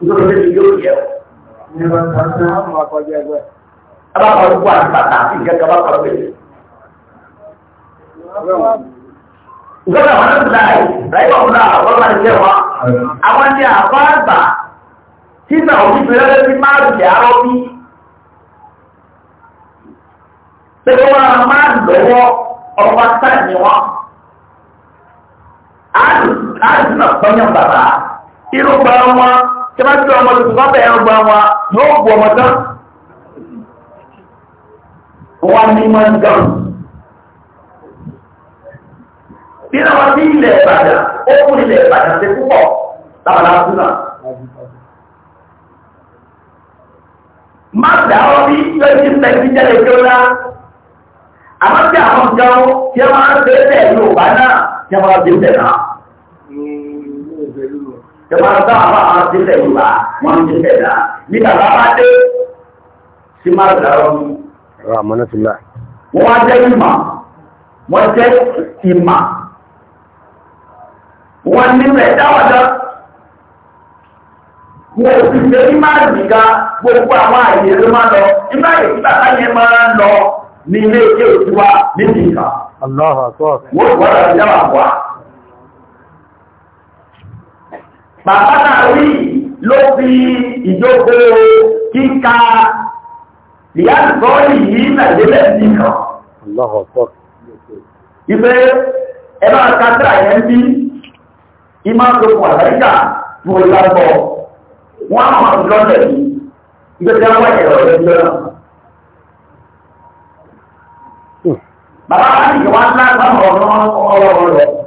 ìjọba tó ti yóò yẹ o. Abá kọ̀ ló kó àti bàtà àti ìjẹ́ kaba kọ̀ lóye. Ìjọba àwọn ọ̀dọ́ ìlà yìí, Ráyé ọ̀gbọ́n náà wọ́n máa ń jẹ́ wọn. Àwọn ní àbá àgbà títà òbí fi lọ́lẹ́ sí márùn-ún yà á bí. Pé wọn máa lọ́wọ́ ọmọ sáà ni wọn. Àdùn náà tọ́yàn tí wọ́n ti ọmọ tuntun bá bẹ̀rẹ̀ ọgbà wa yóò bu ọmọ tán wọ́n ní máa ń gan. bí náà wọ́n ní ilẹ̀ Ìbàdàn ó kún ilẹ̀ Ìbàdàn sí púpọ̀ lábàlá súnà. má dáwọ́ bí yóò ti ń bẹ̀rẹ̀ jẹ́lẹ̀ tó lá. àmọ́ tí àwọn nǹkan tí wọ́n máa ń bẹ̀rẹ̀ Yorùbá náà tí wọ́n máa ń bẹ̀rẹ̀ Ìjọba ń sáà bá àwọn tí tẹ̀lú bá wọ́n ti tẹ̀lá. Ní bàbá bá dé sí máa dàrọ́ mi. Ra mọ́nà ti lá. Wọ́n wá jẹ́ ìmọ̀. Wọ́n jẹ́ ìmọ̀. Wọ́n nílẹ̀ dáwọ́dá. Wọ́n ò sì ṣe ìmọ̀ àdìgá gbogbo àwọn àyè ló máa lọ. Ìmọ̀ àyè tí bàbá máa ń lọ ní ilé ìjẹ́ òtúwa níbi ìkà. Wọ́n wọ́n rà bàbá náà rí ló fi ìjókòó kíka ìyáàtọ̀ yìí nàìjíríà ti kàn. ìfẹ́ ẹ̀rọ àkàtà yẹn bí ìmọ̀ tó kù àlẹ́kà tó lábọ̀ wọ́n á máa lọ́lẹ̀ yìí ìgbésẹ̀ wọ́n ẹ̀rọ rẹ̀ lọ́nà. Hmm. bàbá wa ní ìwà ńlá sáwọn ọ̀rọ̀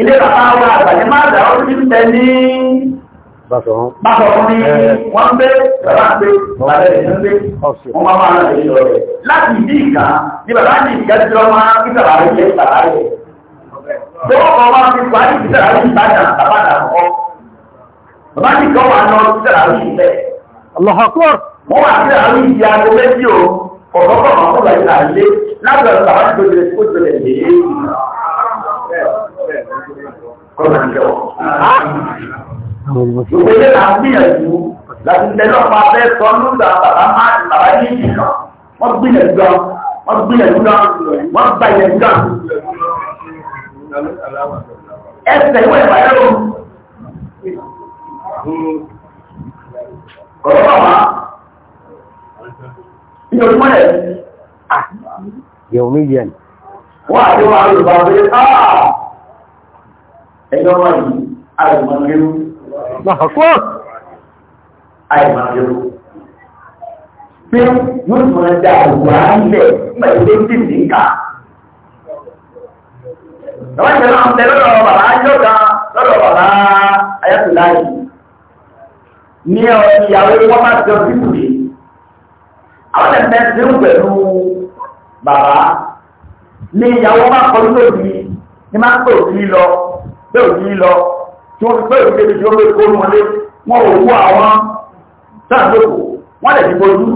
ilé bàbá wa àgbàdì máa dà ó ti tẹ ní bàtọ̀kùnrin wọ́n gbé bàbá gbé bàbá rẹ̀ ń gbé wọ́n máa máa rẹ̀ lọ rẹ̀ láti ìdí ìgbà ní bàbá ní ìgbà tí wọ́n máa kí bàbá rẹ̀ yẹ bàbá rẹ̀ tó wọ́n máa fi pa ní ìgbà rẹ̀ ń bàjá bàbá rẹ̀ kọ́ bàbá ní kọ́ wà lọ sí ìgbà rẹ̀ ìlẹ̀ wọ́n wà sí àwọn ìdí aago méjì o kọ̀ọ̀kọ̀ọ̀kọ̀ máa kó lọ ìlà ilé lábẹ̀rẹ̀ kọ́nà ń jẹ́wọ́. Ìgbésẹ̀ là ń gbìyànjú láti tẹ́lọ̀ pa fẹ́ sọ lóògbà bàbá máa ń bàbá ní ìjìnà. Wọ́n gbìyànjú lọ, wọ́n gbìyànjú lọ, wọ́n gbà ìyànjú lọ. Ẹsẹ̀ ìwé ìbàdàn ló. Kọ̀rọ̀ bà wá. Ní ojú mọ́lẹ̀ yìí. Yẹ̀wò méjì ẹjọ́ wà ní àìmọ̀lẹ́rú àìmọ̀lẹ́rú pé yóò mọ̀ ẹja àwọ̀ àálẹ̀ pẹ̀lú tí ní kà lọ́wọ́ ìṣẹ̀lẹ̀ àwọn tẹ̀lé lọ́rọ̀ bàbá yọ́gá lọ́rọ̀ bàbá ayatollah ní ìyàwó wọ́n bá jọ bíbù rí àwọn ẹ̀fẹ́ tí ó pẹ̀lú bàbá ní ìyàwó bá kọjú lòdì ní má pè lọ bẹ́ẹ̀ òní lọ tí wọ́n fi bẹ́ẹ̀ òní débi tí ó bẹ́ẹ̀ kónú wọlé wọ́n ò wú àwọn sáàdókò wọ́n lè fi bojú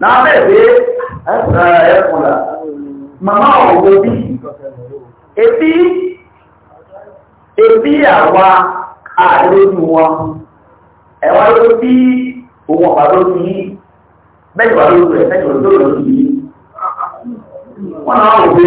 lábẹ́ ìwé ẹ̀kùnlá màmá ọ̀wọ́ bí ebi ebi àwa àlójú wọn ẹ̀wà ló bí òun ọ̀pá ló ní mẹ́jọ̀wá ló rẹ̀ mẹ́jọ̀wá ló rẹ̀ lórí wọn náà wò pé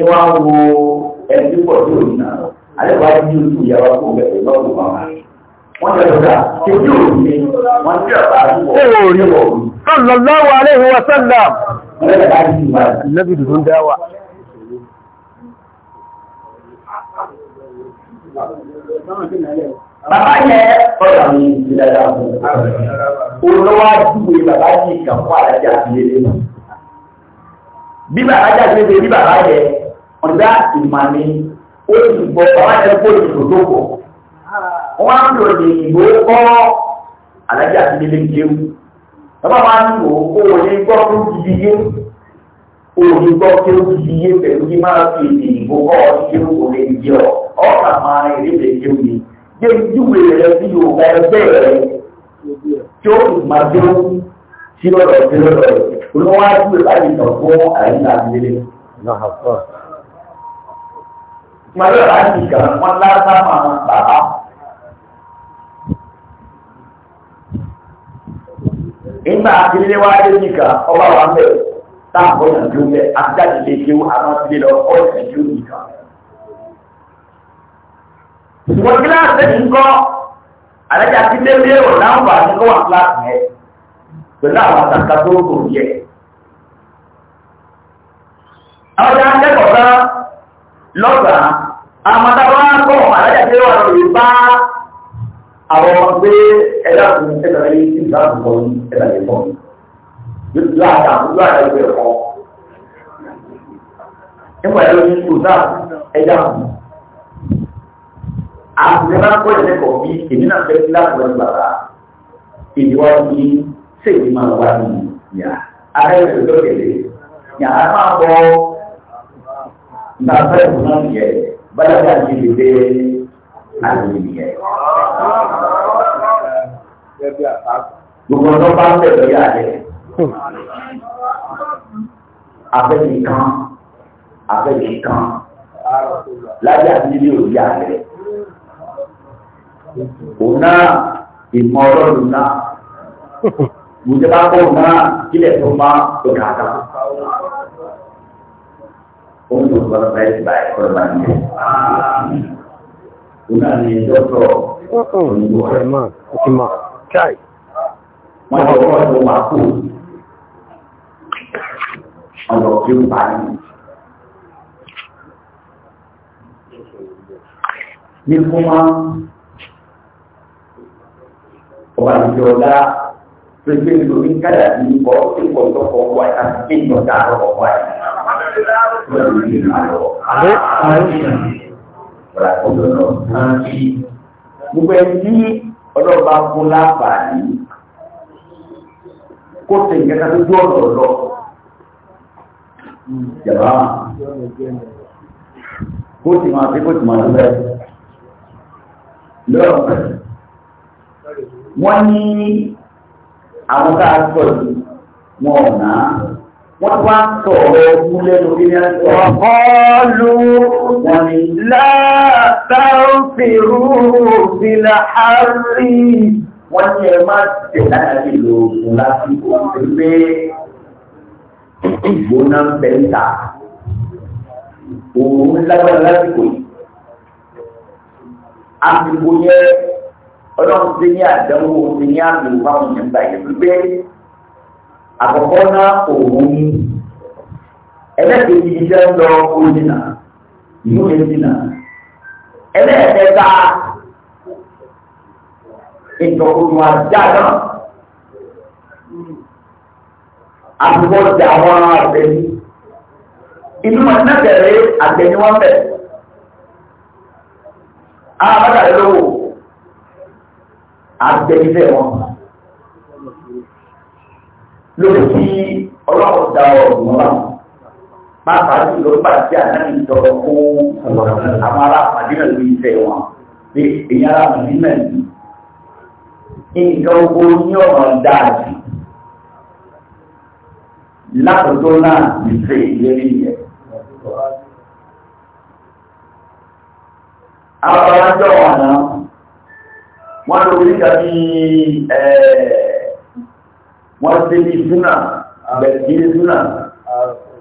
ìwà ń wo ẹbí pọ̀ tí òun náà alẹ́wà ní ojú ìyàwó kò bẹ̀rẹ̀ lọ́wọ́ màmá wọ́n jẹ́ lọ́dà tí ojú òun wọ́n jẹ́ àbá àdúgbò orí wọ̀ òun. sallallahu alaihi wa sallam. nabi dùdú dáwà. Bàbá yẹ ọ̀rọ̀ mi ìdílára fún un. Olówó bàbá yìí kàn fún àdájà àbíyẹlé. Bí bàbá jáde lé bí bàbá yẹ ọ̀dá ìmàní òyìnbó bàbá yẹn kó ìṣòro tó pọ̀. wọ́n á lò ní ìbò kọ́ alájà sí ilé jẹun bàbá wa ń lò ó wò ní gbọ́ fún gidi yé ó ní gbọ́ kí ó yé pẹ̀lú kí máa fi èdè ìbò kọ́ ọ ṣe ó ọ ọ̀kà máa rìn rí lè ni jẹ́ ìjúwe rẹ sí Yorùbá ẹgbẹ́ rẹ tí ó sì máa jẹun sí lọ́dọ̀ sí lọ́dọ̀ rẹ olówó á júwe fún àyíká ìdílé. Mọ̀lẹ́ ọ̀rá ti kàn wọ́n lásán àwọn bàbá. Ìgbà àtìlélé wá dé ní ọba wa ń táàbọ̀ yàn tó bẹ̀ àtìjáde lè kéwú àwọn àtìlé lọ ọ̀rẹ́ ìjọ ní Wọ́n ti láti ń kọ́ àlẹ́jà tí lébí èrò láǹfààní kó wà láti yẹ pẹ̀lú àwọn àtàkà tó kò yẹ. Àwọn ìyá akẹ́kọ̀ọ́ náà lọ́gbà àmọ́tàbá kọ́ àlájá tí wà lórí bá àwọn ọmọ pé ẹ̀dá kù ẹ̀dàlẹ́ yìí tí ìgbà àkùkọ ní ẹ̀dàlẹ́ pọ̀ yóò àtà àkùkọ àtà ìwé ẹ̀kọ́ nípa ẹ̀rọ ní kù náà ẹ̀dá kù àkùkọ bá kọ́ ìdẹ́kọ̀ bí èmi náà fẹ́ láti wọ́n gbàgbà ìdíwájú ní sèwé máa wá ní ìyá ara ẹ̀rọ lọ́kẹ̀lẹ̀ yàrá máa bọ́ tàbí ìmọ̀ yẹ bàdàkà ti lè dé àyè yẹ. Gbogbo ọdún bá ń bẹ̀rẹ̀ yà rẹ̀. Abẹ́nìkan, abẹ́nìkan, láyé àbílẹ̀ òbí àrẹ̀. Òun náà ìmọ̀ ọlọ́run náà. Mo jẹ́ bá kọ́ òun náà kílẹ̀ tó máa ń pè kàkà untuk berbaik baik korbannya. Bukan ini dokter. Untuk emak, emak, cai. Mau orang aku, mau jumpa. Di rumah, orang jodoh, Sebelum ini kan ada di bawah, di bawah, di bawah, di bawah, di bawah, Gbogbo ẹni tí ọlọ́ba fún láǹfààní kó tẹ ìjẹta tó jọ ọ̀rọ̀ lọ. Jàbá kó tì máa fi kó tì máa lọ́wọ́ lọ́rọ̀. Wọ́n ní àwọn tá a sọ̀rọ̀ náà wọ́n wá sọ̀rọ̀ ọdún lẹ́nu bí ní ẹ̀sọ́. ọ̀pọ̀lù látàrífèrú sílẹ̀ àárí wọ́n ní ẹ má tẹ̀ láti lò ògùn láti òkú pé ìgbóná bẹ́ńtà òun lágbára lásìkò yìí. àsìkò yẹn ọlọ́run ti ní àdánwò ti ní àmì ìwà òyìnbá yẹn pé àkọ́kọ́ náà òun ní ẹlẹ́kẹ̀ẹ́jì iṣẹ́ ń lọ ojìnà ìlú ojìnà ẹlẹ́ẹ̀kẹta ìtọ̀kùnrin àjá náà àbúkọ́ ti àwọn àgbẹ̀ni inú ẹ̀nẹ́bẹ̀rẹ̀ àgbẹ̀ni wọ́n bẹ̀ àbádà lówó àgbẹ̀ni bẹ̀ wọ́n lórí kí ọlọ́run da ọ̀rùn wa máa pàdé ló bá jẹ́ àdáni ìjọba fún àwọn ará pàdé náà lórí ìfẹ́ wọn pé èyí ará mi nílẹ̀ yìí nǹkan owó ní ọ̀rọ̀ dáàbì látọ̀tọ̀ náà ìfẹ́ ìlérí yẹn. Àwọn ọ̀rọ̀ ajọ́ wọn náà wọ́n lórí kàbí ẹ̀ẹ́ wọ́n ti di súnà bẹ̀tì súnà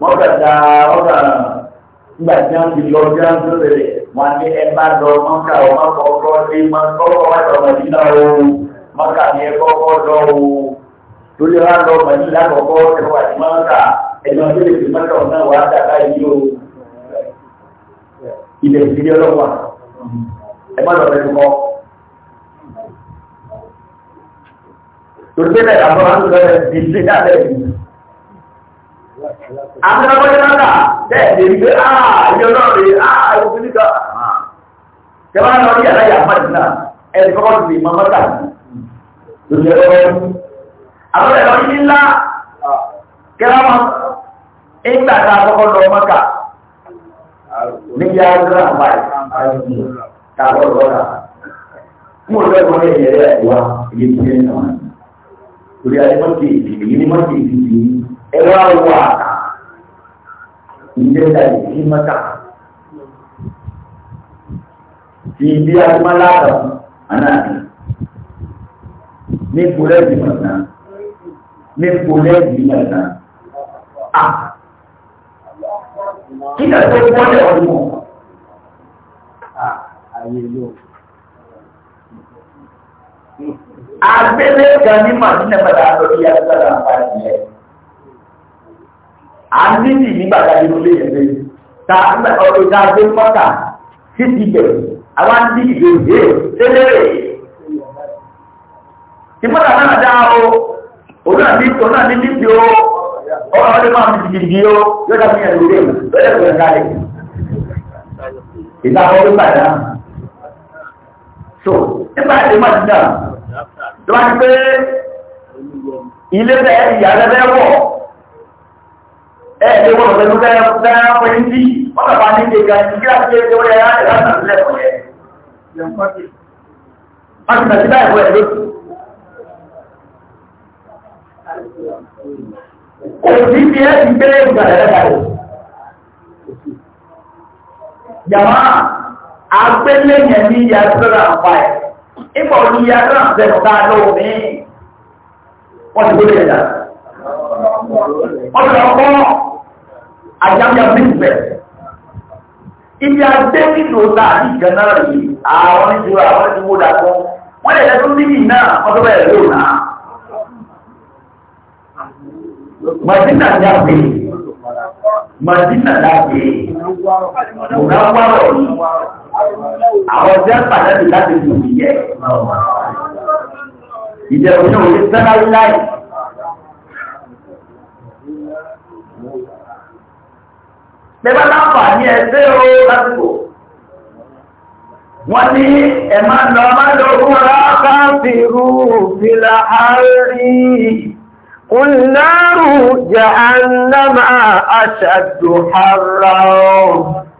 wọ́n kàtà ọ̀gá nígbà tí wọ́n ti lọ bí wọ́n tó bẹ̀rẹ̀ wọ́n ní ẹ bá lọ mọ́kà ọ má kọ́ ọ́ lé má kọ́kọ́ wá lọ màdínà o mọ́kà ní ẹ kọ́kọ́ lọ o lórí wá lọ màdínà kọ́kọ́ ẹ wà ní mọ́kà ẹ̀yàn tó lè fi mọ́kà ọ̀nà wà á dàgbà yìí o ilẹ̀ ìdílé ọlọ́wà ẹ má lọ tòṣìlẹ̀ àbọ̀ àńlọrẹ̀ dìde dálẹ̀ yìí. Àtẹnabọ́lé náà bẹ́ẹ̀ lè gbé áà ìjọ náà rè áà ìwọ̀n nígbà. Kẹ̀wá lọ rí àlàyé àmàdìlá ẹni kọ́kọ́ ti lè máa mọ́tà lórí ẹ̀rọ ẹ̀rọ. Àwọn ẹ̀rọ yìí ńlá kẹ̀wá máa ńgbà tá a kọ́kọ́ lọ mọ́tà ní yá ọ̀dọ́ àbáyé tàbí ọ̀dọ́ náà. Mú òṣèlú ní ìyẹ̀rẹ̀ torí ayé mọ́tì ìdìbò yìí ni mọ́tì ìdìbò yìí ẹ wá wà ìjẹta ìdí mọ́tà ti ibi adúmọ́láàbà anáàbì ní polẹ́ẹ̀dì mọ̀nà ní polẹ́ẹ̀dì mọ̀nà à kí ni a tó wọlé ọdún mọ́. agbélé kan ní màdínà padà lọ sí agbára àpárí yẹn a ní ní nígbà tàbí ló lè yẹn lé ta ọdún ta gbé mọ́ta sí ti bẹ̀ àwa ń dín ìlú ìdè tẹ́lẹ̀ ìmọ̀ta náà dá o òun náà ní òun náà ní níbi o ọ̀rọ̀ ọdún máa ń jìgìdì o yóò dá fún yẹn lóde lọ́dẹ̀ fún yẹn kálẹ̀ ìgbà ọdún padà so nígbà tí màdínà tó bá ti pé ilé bẹ́ẹ̀ ìyá lẹ́bẹ́ wọ̀ ẹ̀ lè wọ́n lọ́dún bẹ́ẹ̀ bẹ́ẹ̀ pé ń dì wọ́n bàbá ní ìdè ga ìdí kíláàsì ilé tó yẹ láti láti sílẹ̀ fún yẹ. wọ́n ti tàbí báyìí wọ́n ẹ̀ lóṣù. òbí ti ẹ́ ti gbé ìgbà rẹ̀ kalẹ̀. yàrá agbélé yẹn ní ìyá sọ́ra àpá ìgbà òní ya náà bẹ̀rù bá lọ́wọ́ mi wọ́n ti gbọ́dọ̀ yẹ̀dá ọ̀dọ̀ ọkọ́ àjàmíà bíbẹ̀ ibi adé nínú ọ̀tá àti ìjànà rèé àwọn ìjọ àwọn ìjọwọ́ dàgbọ́ wọ́n lè lẹ́tọ́ níbi náà ọdún bẹ̀rẹ̀ lóò náà màdínà ni a pè màdínà ni a pè mọ̀nà wárọ̀ yìí àwọn jẹ́ pàtàkì láti lù mí yẹ. Ìjẹ̀bù náà ní sẹ́láì láì. Bẹ́bá láǹfà ní ẹgbẹ́ o lásìkò. Wọ́n ní ẹ máa lọ máa lọ fún ọ̀rá káfíìrù fìlà àárí. قل نار جهنم أشد حرا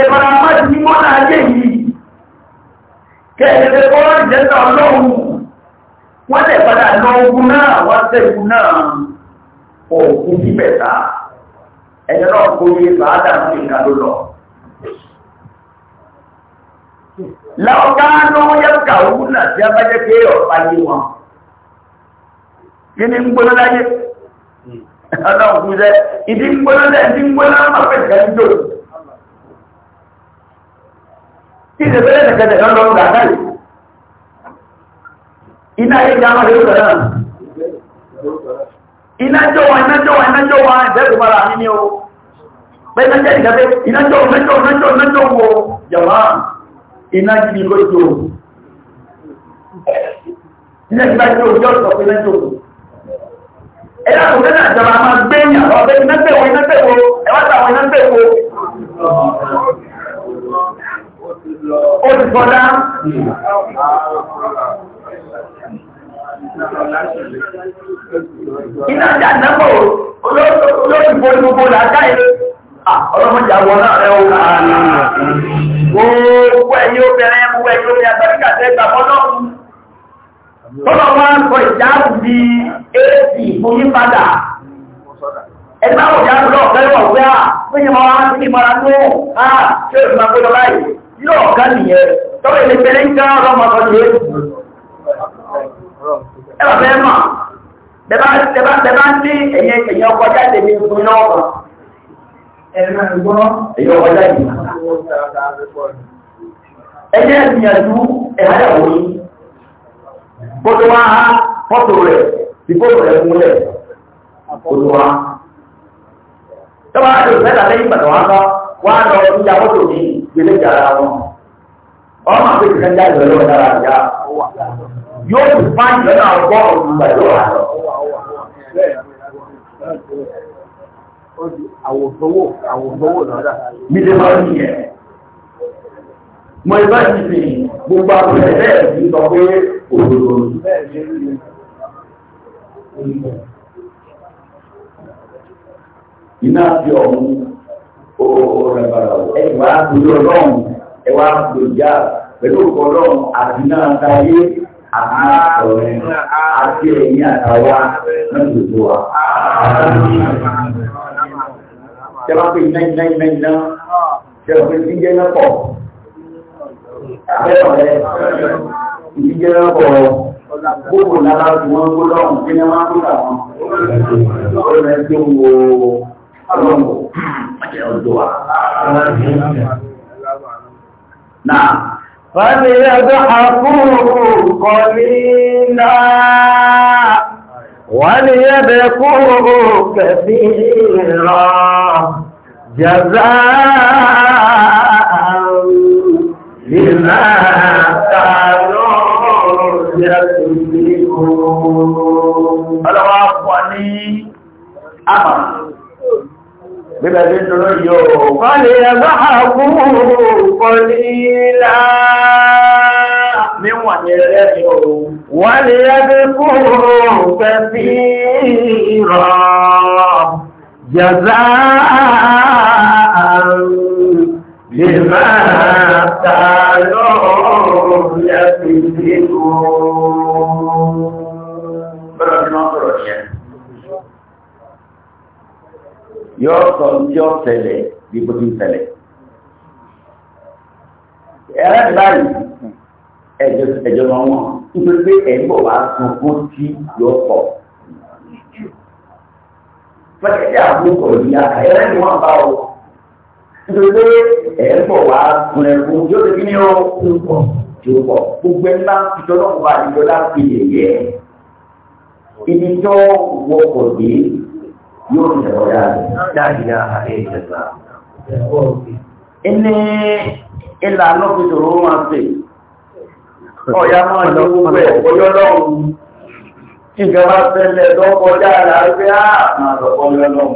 ẹ̀bára máti ní mọ́nà ayé yìí kẹ́ẹ̀ẹ́dẹ́ kọ́rọ̀ ìjẹta ọlọ́run wọ́n tẹ̀ padà lọ ogun náà wọ́n tẹ̀kù náà òkú bíbẹ̀ta ẹ̀yẹ náà kó yé bàádà ní ìka ló lọ láọ̀kánú yẹ́pùkà ogun náà tí a bá jẹ́ pé ọ̀pá yé wọn kí ni ń gbóná láyé ọlọ́run kú jẹ́ ìdí ń gbóná lẹ́ tí ìṣẹ̀fẹ́ lẹ́sẹ̀kẹsẹ̀ lọ́nà ọ̀gá àtàlì iná yìí já máa lè rọ̀ náà iná jọ wa iná jọ wa iná jọ wa ìbẹ́ẹ̀kù mara ní ní o pé iná jẹ́ ìdáfẹ́ iná jọ iná jọ iná jọ iná jọ wo jàmá iná jí ní kó jò iná jí bá jò jọ sọ pé iná jò ẹ̀yà kò fẹ́ náà jọba máa gbé ìyàwó ọ̀bẹ iná tẹ̀wọ̀ iná tẹ̀wọ̀ ó ti kọjá. Iná jà nẹ́pọ̀ olóògbò gbogbo làákà yìí. Ọlọ́mọdé àwọn náà rẹ̀ ó kà á ní. Gbogbo ẹ̀yìn obìnrin gbogbo ẹ̀yìn obìnrin àtọ́ríkà tẹ́ gbà mọ́nà. Tọ́lọ̀ wá ń sọ ìjáàbù di éèdì fún yípadà. Ẹgbẹ́ àwọn ìjáàbù náà fẹ́ràn wíwá, fún ìyẹn máa wá sí ìmọ̀ra tó, á, ṣé ìgbàgbọ́dọ̀ báyìí yóò ká nìyẹn tọ́wọ́ ilé pẹ̀lẹ́ ń ká ọlọ́mọ ọdún yẹn ẹ wà fẹ́ mà bẹ́ẹ̀ bá ń dín ẹ̀yẹ ẹ̀yẹ ọkọ̀ jáde ní ìfún náà wà. ẹ̀rọ ìgbọ́n ẹ̀yẹ ìgbìyànjú ẹ̀hálẹ̀ gbélé jàrá wọn ọmọ àti ìkẹ́kẹ́ jáde lọ́wọ́ dára ìyá yóò fi fáyì lọ́nà ọgbọ́n ògbà yóò wà lọ. Àwòsówò àwòsówò lọ́dà. Mílé máa ń yẹ. Mo ìbá ti fi gbogbo abẹ́rẹ́ bẹ́ẹ̀ ní sọ pé òdodo. Iná fi ọ̀hún ẹgbà ìlú ọlọ́run ẹwà gbòjá pẹ̀lú ọkọ̀ ọlọ́run àti náà táyé àtàrẹ àti ẹ̀yìn àtàwà mẹ́tòtò wa. Tẹ́wà pé náìnáìnáìná tẹ́wà pé tí jẹ́ lọ́pọ̀. Àbẹ́ọ̀rẹ́ tí jẹ́ lọ́pọ̀ gbogbo lára tí wọ́n gbọ́dọ̀ kí ni wọ́n ń gbà wọn. Ó rẹ̀ tó wo ọlọ́wọ́ ọjọ́ ọdún wa. Náà, fàbí ẹgbẹ́ àkúrò kọlílá, wọ́n ni ẹbẹ̀ kúrò kẹfì rọ, jẹ́zá Lílá tààrọ jẹ́ tìbí kúrò. Ọlọ́wọ́ pọ̀ ní àmà Bíbẹ̀ tí ń tọrọ yóò kọ́lé ẹgbẹ́ àkúrò kọ́lé ilá. Níwọ̀n ni ẹ̀rẹ́ mi ò. Wọ́n lè ẹgbẹ́ kúrò kẹfì rọ̀. Jẹ̀zá lè máa ta lọ́rọ̀ yẹ fi dìbò. yóò sọ tí ó tẹ̀lẹ̀ bí kò tí ń tẹ̀lẹ̀. ẹ̀rọ ìbáyìí ẹ̀jọ̀ ẹ̀jọ̀ máa wọ́n nítorí pé ẹ̀ ń bọ̀ wá sun kó tí yóò sọ. pẹ̀lẹ́dẹ́ àbúkọ̀ yìí ẹ̀rọ ni wọ́n bá o nítorí pé ẹ̀ ń bọ̀ wá sun ẹ̀kún yóò ti kí ni ó ń bọ̀ tí ó bọ̀ gbogbo ẹ̀ ń bá ìjọba ìjọba ìjọba fi lè yẹ ibi tó wọkọ̀ dé yóò fi ẹ̀rọ yára dáàdìyà ẹ̀ẹ́dẹ̀gbà. Ilé ìlà lọ́pìtòrò wọn pè, ọ̀yá máa lọ gbogbo ẹ̀kọ́yọ́ lọ́run. Ìjọba tẹ́lẹ̀ lọ́pọ̀ dára pé á máa lọ́pọ̀ lọ́run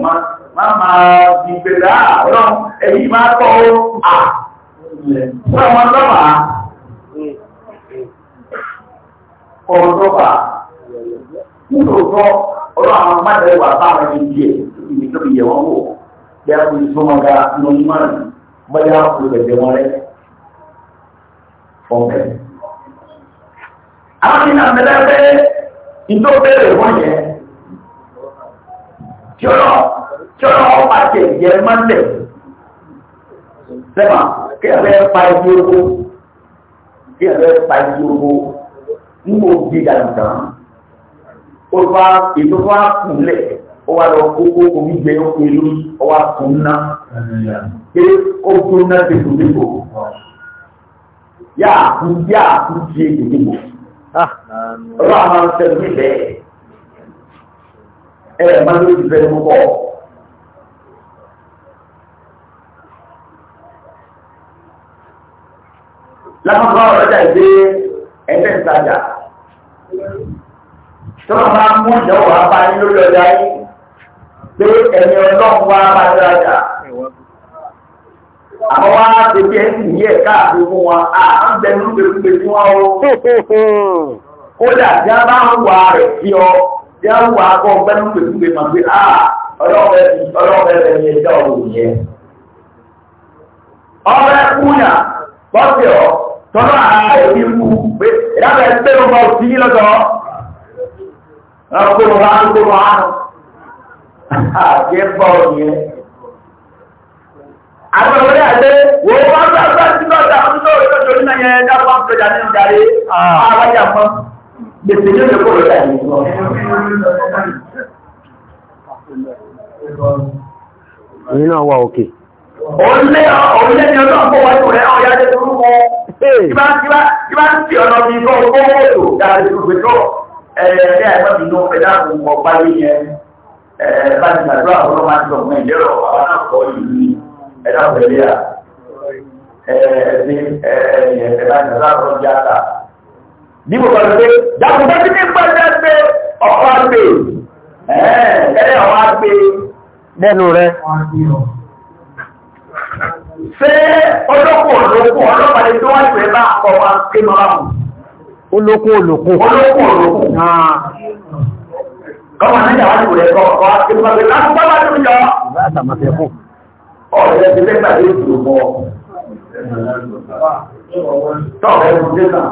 máa máa bí bèèrè àárọ̀ èyí máa tọ́ ó à. Wọ́n Ọ̀rọ̀ lọ́pàá ọ̀rọ̀ àwọn ọmọdé wà báwọn ẹni díẹ̀ ibi tó fi yẹ wọn wò bí a kò ní fún ọmọdé ní onímọ̀ bọ́lá kò bẹ̀bẹ̀ wọn rẹ̀ fọ́nbẹ̀. àwọn ìnà mẹ́lẹ́ pé ìjọ bèrè wọ́n yẹn tí ọ̀rọ̀ tí ọ̀rọ̀ wọn bá tẹ̀ yẹ mọ́lẹ̀ sẹ́mà kí ẹ fẹ́ pa ibi owó kí ẹ fẹ́ pa ibi owó ń bò gbé dàgbà ó bá ètò wá kúnlẹ̀ ó wá lọ kókó omi gbẹ ọkọ ìlú ó wá kún ná pé ó kún ná ti kún nípò yáà kún yáà kún sí èdè nípò ọlọ́ àwọn ọmọ sẹ́gun ìbẹ́ ẹ ẹ̀ máa ń lójú bẹ́ẹ̀ púpọ̀. lápapọ̀ ọ̀rọ̀ ọjà ìgbé ẹgbẹ́ ìtajà tó wọn bá mú ìdánwò wá bá yín lórí ọjà yín pé ẹni ọlọ́run wá bá yín ọjà àwọn wá ṣe bí ẹni ní ẹ̀ka àti fún wọn à ń bẹ ní gbèsè fún wọn o kódà tí a bá ń wà rẹ̀ sí ọ tí a ń wà kọ́ bẹ́ ní gbèsè gbèsè máa gbé à ọlọ́run ẹ̀ ní ẹjọ́ òun yẹn ọ̀rẹ́ kúnyà bọ́sẹ̀ ọ tọ́lá àárẹ̀ òbí mú pé ìdábẹ̀ ẹgbẹ́ ọmọ òsì yìí lọ́sọ̀ọ́ ọkùnrin wa ń gbọ́ àánú àjẹbọ yẹn. àwọn ọ̀rẹ́ àgbẹ̀ wo wọ́n bá bá sí lọ́dà ń lọ ìtọ́jú nínú yẹn dábàá ń tọ́jà nínú darí àwájà mọ́ gbèsè yóò lè kó lọ́dà yìí lọ. èyí náà wà òkè. Olé ọ̀lẹ́ ni ọjọ́ ọ̀pọ̀ wáyé rẹ̀ ọ̀yá jẹ́ tó rú mọ́. Ibá ń tí ọ̀nà bí i kọ́ ọgbọ́n mọ́tò dáadé tó gbé tọ́ ẹ̀ẹ́dẹ́ àìmọ́bìnú ẹ̀dá àwọn ọgbà yẹn ẹ̀ẹ́ bá ti gbàdúrà ọ̀rọ̀ máa ń sọ fún ìlérò àwọn àkọ́ ìlú ẹ̀dá pẹ̀lẹ́ à ẹ̀ẹ́dẹ́ ẹ̀ẹ́dẹ́ bá ti gbàdúrà ọ̀rọ̀ jẹ́ àtà. bí mo bá lọ pé dàpọ̀ bá ti ní gbàdúrà pé ọ̀pọ̀ olóko olóko. olóko olóko. Ah. kọ́mọ náà yàrá ìwé ẹ̀kọ́ ọ̀kọ́ akérèmọ́gbé lásìkò bá tó yọ. ìbá àtàmọ̀tẹ́ fún. ọ̀rẹ́ ti lẹ́gbàá yóò tó bọ̀. tọ́ọ̀rẹ́ kò dé kàn.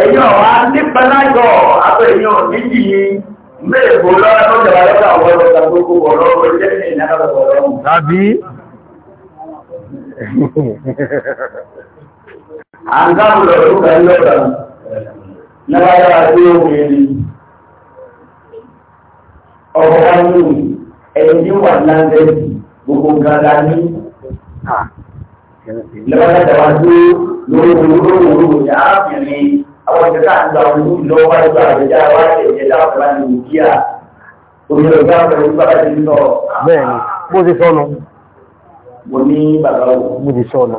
ẹ̀yin ọ̀wá nípa lájọ̀ àbẹ̀ ẹ̀yin ọ̀díjì ni mẹ́rẹ̀ bò an samu da wasu kan lokacin na bada wasu yau ne ọkọ̀ wani ẹni ní wannan zai gbogbo gada ní lọ́wọ́dá da wasu lóòrùn-ún ya hafi ne a wata ta an zaune lọ́wọ́ da ya wace ya dafa wani wukiya òmìnira ìgbà pẹ̀lú bàbá ti ń lọ. bẹ́ẹ̀ni bó ti sọnù. mo ní bàbá wo. mo ti sọnù.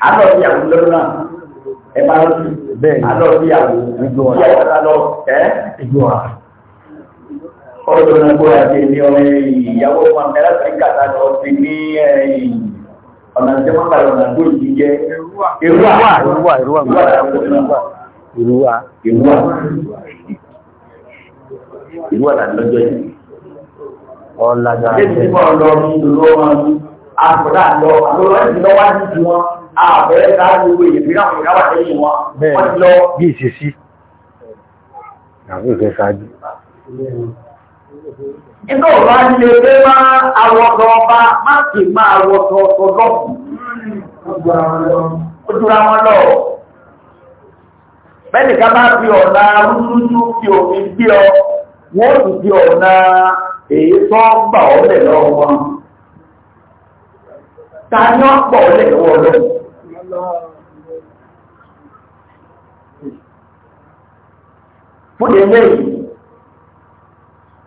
Alo alọ́bíyàwó lọ́dún náà ẹ bá rọ́sí alọ́bíyàwó ìyàwó lọ ẹ́ ọ̀dọ̀ náà gbọ́ àti ilé ọmọ ìyàwó wọn mẹ́rẹ́ sí kàtà lọ sí ní ọ̀nà tí wọ́n bàrẹ̀ ọ̀nà tó yìí jẹ́ ìrúwà ìrúwà ìrúwà ìrúwà ìrúwà ìrúwà lọ́jọ́ yìí ọ̀làjà àti ìrúwà lọ́rùn ìrúwà àpòdà lọ àpòdà lọ́wọ́ àti ìrúwà àbẹ̀rẹ̀ sáà gbogbo èyí fi wọ́n lọ bí ìṣesí àwọn ìfẹ́ Bẹ́ẹ̀ni ká bá fi ọ̀nà rúrúrú fi gbé ọ, wọ́n sì fi ọ̀nà èyí tó gbà ọ́ lọ́wọ́ Ta ni ọ̀pọ̀ lẹ̀ lọ́wọ́ lọ́wọ́? fún ilé yìí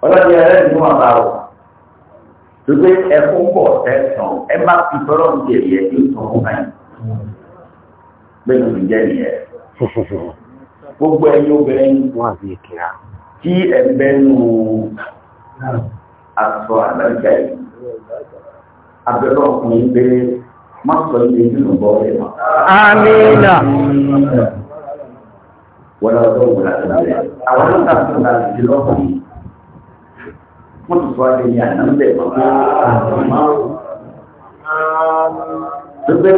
ọlọ́dún ẹ̀rẹ́ ìlú wọn bá wọ gbogbo ẹkún bọ̀ tẹ̀sán ẹ má fi tọ́lọ́ ń jèrè ẹ ní ìtàn fún báyìí bẹ́ẹ̀ ló ń jẹ́ nìyẹn gbogbo ẹyin obìnrin tí ẹ bẹ́nu aṣọ àlàyé abẹ́rẹ́ ọkùnrin bẹ́ẹ̀. Amina. Wọ́n lọ sọ wùlá tó lálẹ́. Àwọn tó tà tó lálẹ́ jù lọ́pọ̀ yìí. Wọ́n tó sọ adé ní àná ń bẹ̀ mọ́. Gbogbo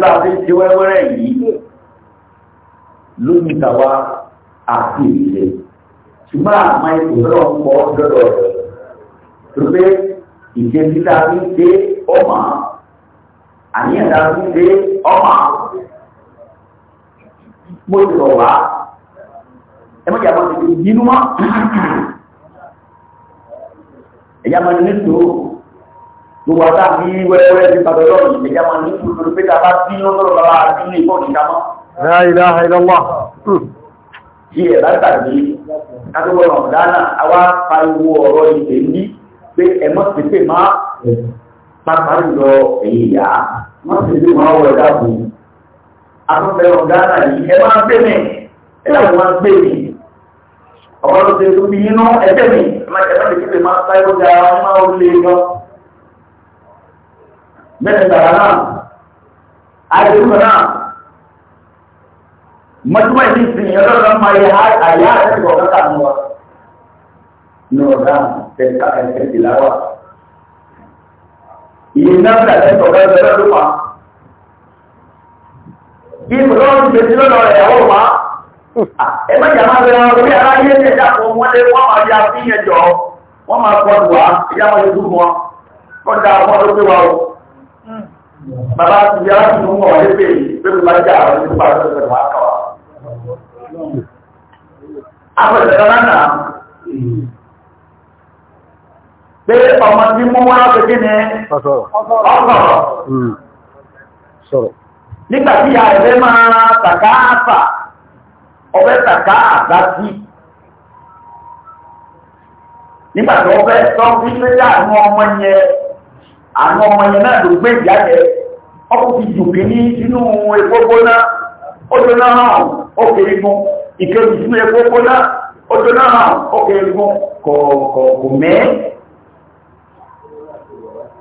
bá a fi ṣe wẹ́wẹ́rẹ́ yìí lórí ìtawá àti ìdílé. Ṣùgbọ́n àmọ́ ipò lọ́rọ̀ ń pọ̀ dọ́dọ̀ rẹ̀. Gbogbo ìṣesí tá ń ṣe ọmọ àníyàn dáa fún pé ọmọ mo ti rọ̀ wá ẹ mọ̀ jàpọ̀ tètè bínú mọ́ ẹ̀yà máa ní tó gbogbo àtà bí wẹ́rẹ́wẹ́rẹ́ ti pàtó lọ́rùn ẹ̀yà máa ní tó lórí pé ta bá bí lọ́rọ̀ bàbá àti ní ìbọn ìjà mọ́. La ilaha illallah. Ṣé hmm. ẹ̀ bá tàbí kátó wọ́n rọ̀ dáná àwa pariwo ọ̀rọ̀ ìpè ń bí pé ẹ̀mọ́ pèpè máa pápá lọ èyí yá wọ́n sì ní wọ́n wọ̀ ẹ̀dá bù. afẹ́fẹ́ ọ̀gáàrà yìí ẹ máa gbé mi ẹ làwọn máa gbé mi ọ̀pọ̀ ló ti tóbi yín náà ẹgbẹ́ mi ẹ máa ti kíkẹ́ máa sáré ọjà máa ń lé lọ. mẹ́rin tàrà náà àdéhùn náà mọ́túmọ̀ ìdí ìsìn ọlọ́run máa yẹ àyà àti ìwọ̀n kọ́kà mọ́ wa. ní ọ̀gá ẹ̀ka ẹ̀kẹ́ ìlàwà ìyẹn náà tẹ̀lé sọ̀rọ̀ ẹgbẹ́ lọ́dún wa bí lọ́dún tẹ̀sí lọ́dọ̀ rẹ̀ ẹ̀wọ̀ wa ẹ má jà máa bẹ̀rẹ̀ wọn lórí aráyé ní ẹ̀dá kan wọn lé wọn máa ya sí yẹn jọ wọn máa kọ lù wá ìyá wọn lójú wọn wọn da wọn ló gbé wa o bàbá ti di aláṣẹ wọn wọlé pé pé pé ọmọ tí mú wá pẹ̀kí ni ọ̀sọ̀rọ̀ hmm. nígbàtí ya ẹ̀fẹ́ máa tàkà àfà ọ̀fẹ́ tàkà àgbà sí nígbàtí ọ̀fẹ́ tọ́ fi pé yá àwọn ọmọ yẹn àwọn ọmọ yẹn náà ló gbé ìyájẹ ọkùn ti jùkì ní inú epo gbóná ojú náà òkèrè gun ìkejì sínú epo gbóná ojú náà òkèrè gun kò mẹ́ẹ́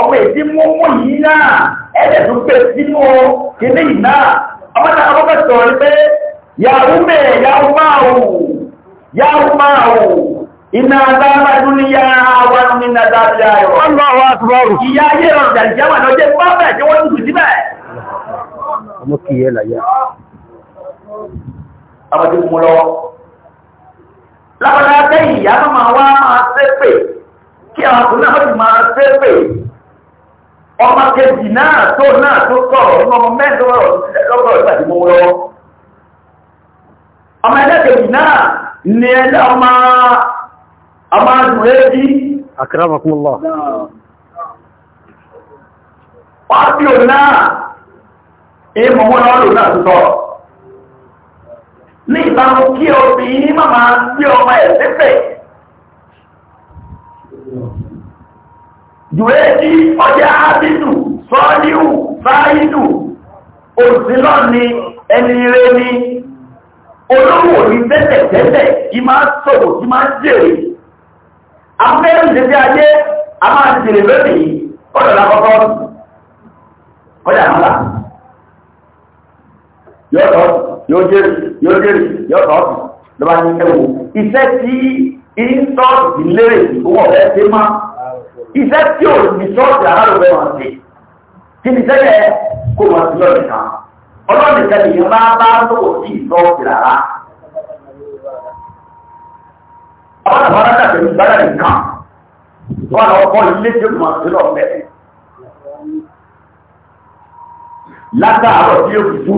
ọmọ èdè mọ́mọ́ yìí náà ẹ̀rẹ̀ tó gbé sínú kìíní yìí náà ọmọ náà ọmọ bẹ́ẹ̀ sọ̀rọ̀ pé yàrá mẹ́ yàrá máa wò yàrá máa wò iná adára dúníyà wà ní nàdájà ẹ̀rọ. wọ́n lọ wá sọ̀rọ̀. ìyá ayé rọrùn jàǹjẹ́ wà lọ́jẹ́ pápẹ́ tí wọ́n dùn síbẹ̀. ọmọ kì í yẹ láyà. ọmọdé mú lọ. lábàlá bẹ́ẹ̀ ìyá máa wá máa ṣépè kí àwọn ọkùnrin ọma kejì náà tó náà tó sọ̀rọ̀ nínú ọmọ mẹ́rin lọ́gbọ̀n ìpàdé mọ́ ọmọ ẹlẹ́kejì náà ni ẹlẹ́ ọmọ àdùn ẹ́bí akramakumullah pàtíò náà ìmọ̀ wọn lọ́rùn náà tó ní ìbámu kí máa ọmọ ẹ̀ jùwéjì ọjà ábìdù sọ́ọ́díù fáìdù òsìlọ́ ni ẹni rẹ̀ ni olówó ní tẹ́tẹ̀tẹ́tẹ̀ kí máa sọ̀rọ̀ kí máa jèrè amẹ́rin tẹ́tẹ́ ayé a máa jèrè lónìí ọ̀dọ̀ lákọ́kọ́ ọjà náà yóò tọ́ yóò jèrè yóò jèrè yóò tọ́ lọ́ba iṣẹ́ tí ò ní sọ́ọ̀tì aláàrùwẹ̀ wọn ṣe kí ni sẹ́yẹ kó wọn sí lọ́ọ̀dì kan ọlọ́ọ̀dì kan nìyẹn bá bá lọ́wọ́ sí ìsọ́ọ̀tì rárá. àwọn àwọn aláàtàkùn ìgbàlá nìkan wọn lọ kọ́ ilé tí ó mọ̀ sí lọ́ọ̀ bẹ̀rẹ̀. látàárọ̀ tí yóò fi tú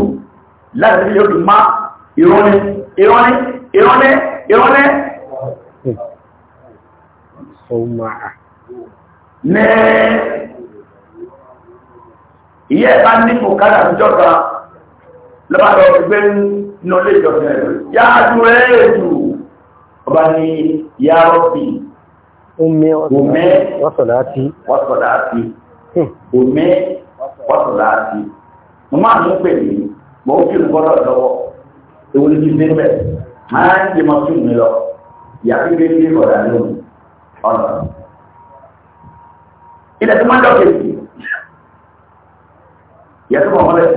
láti yóò fi má ìrọ́lẹ́ ìrọ́lẹ́ ìrọ́lẹ́ ìrọ́lẹ́. ní ihe ẹ̀bá ní bùkátà ìjọba lọ́bàdọ̀ ní olè ìjọba rẹ̀ ọba ní yáàrọ́pì omi wọ́sọ̀láti wọ́sọ̀láti ní mọ́ ma n gbọ́dọ̀ lọ́wọ́ ewu ní ti níbẹ̀ máa ń ilẹ̀ tí wọ́n jọ kejì yẹtọ́ kọ̀ mọ́lẹ̀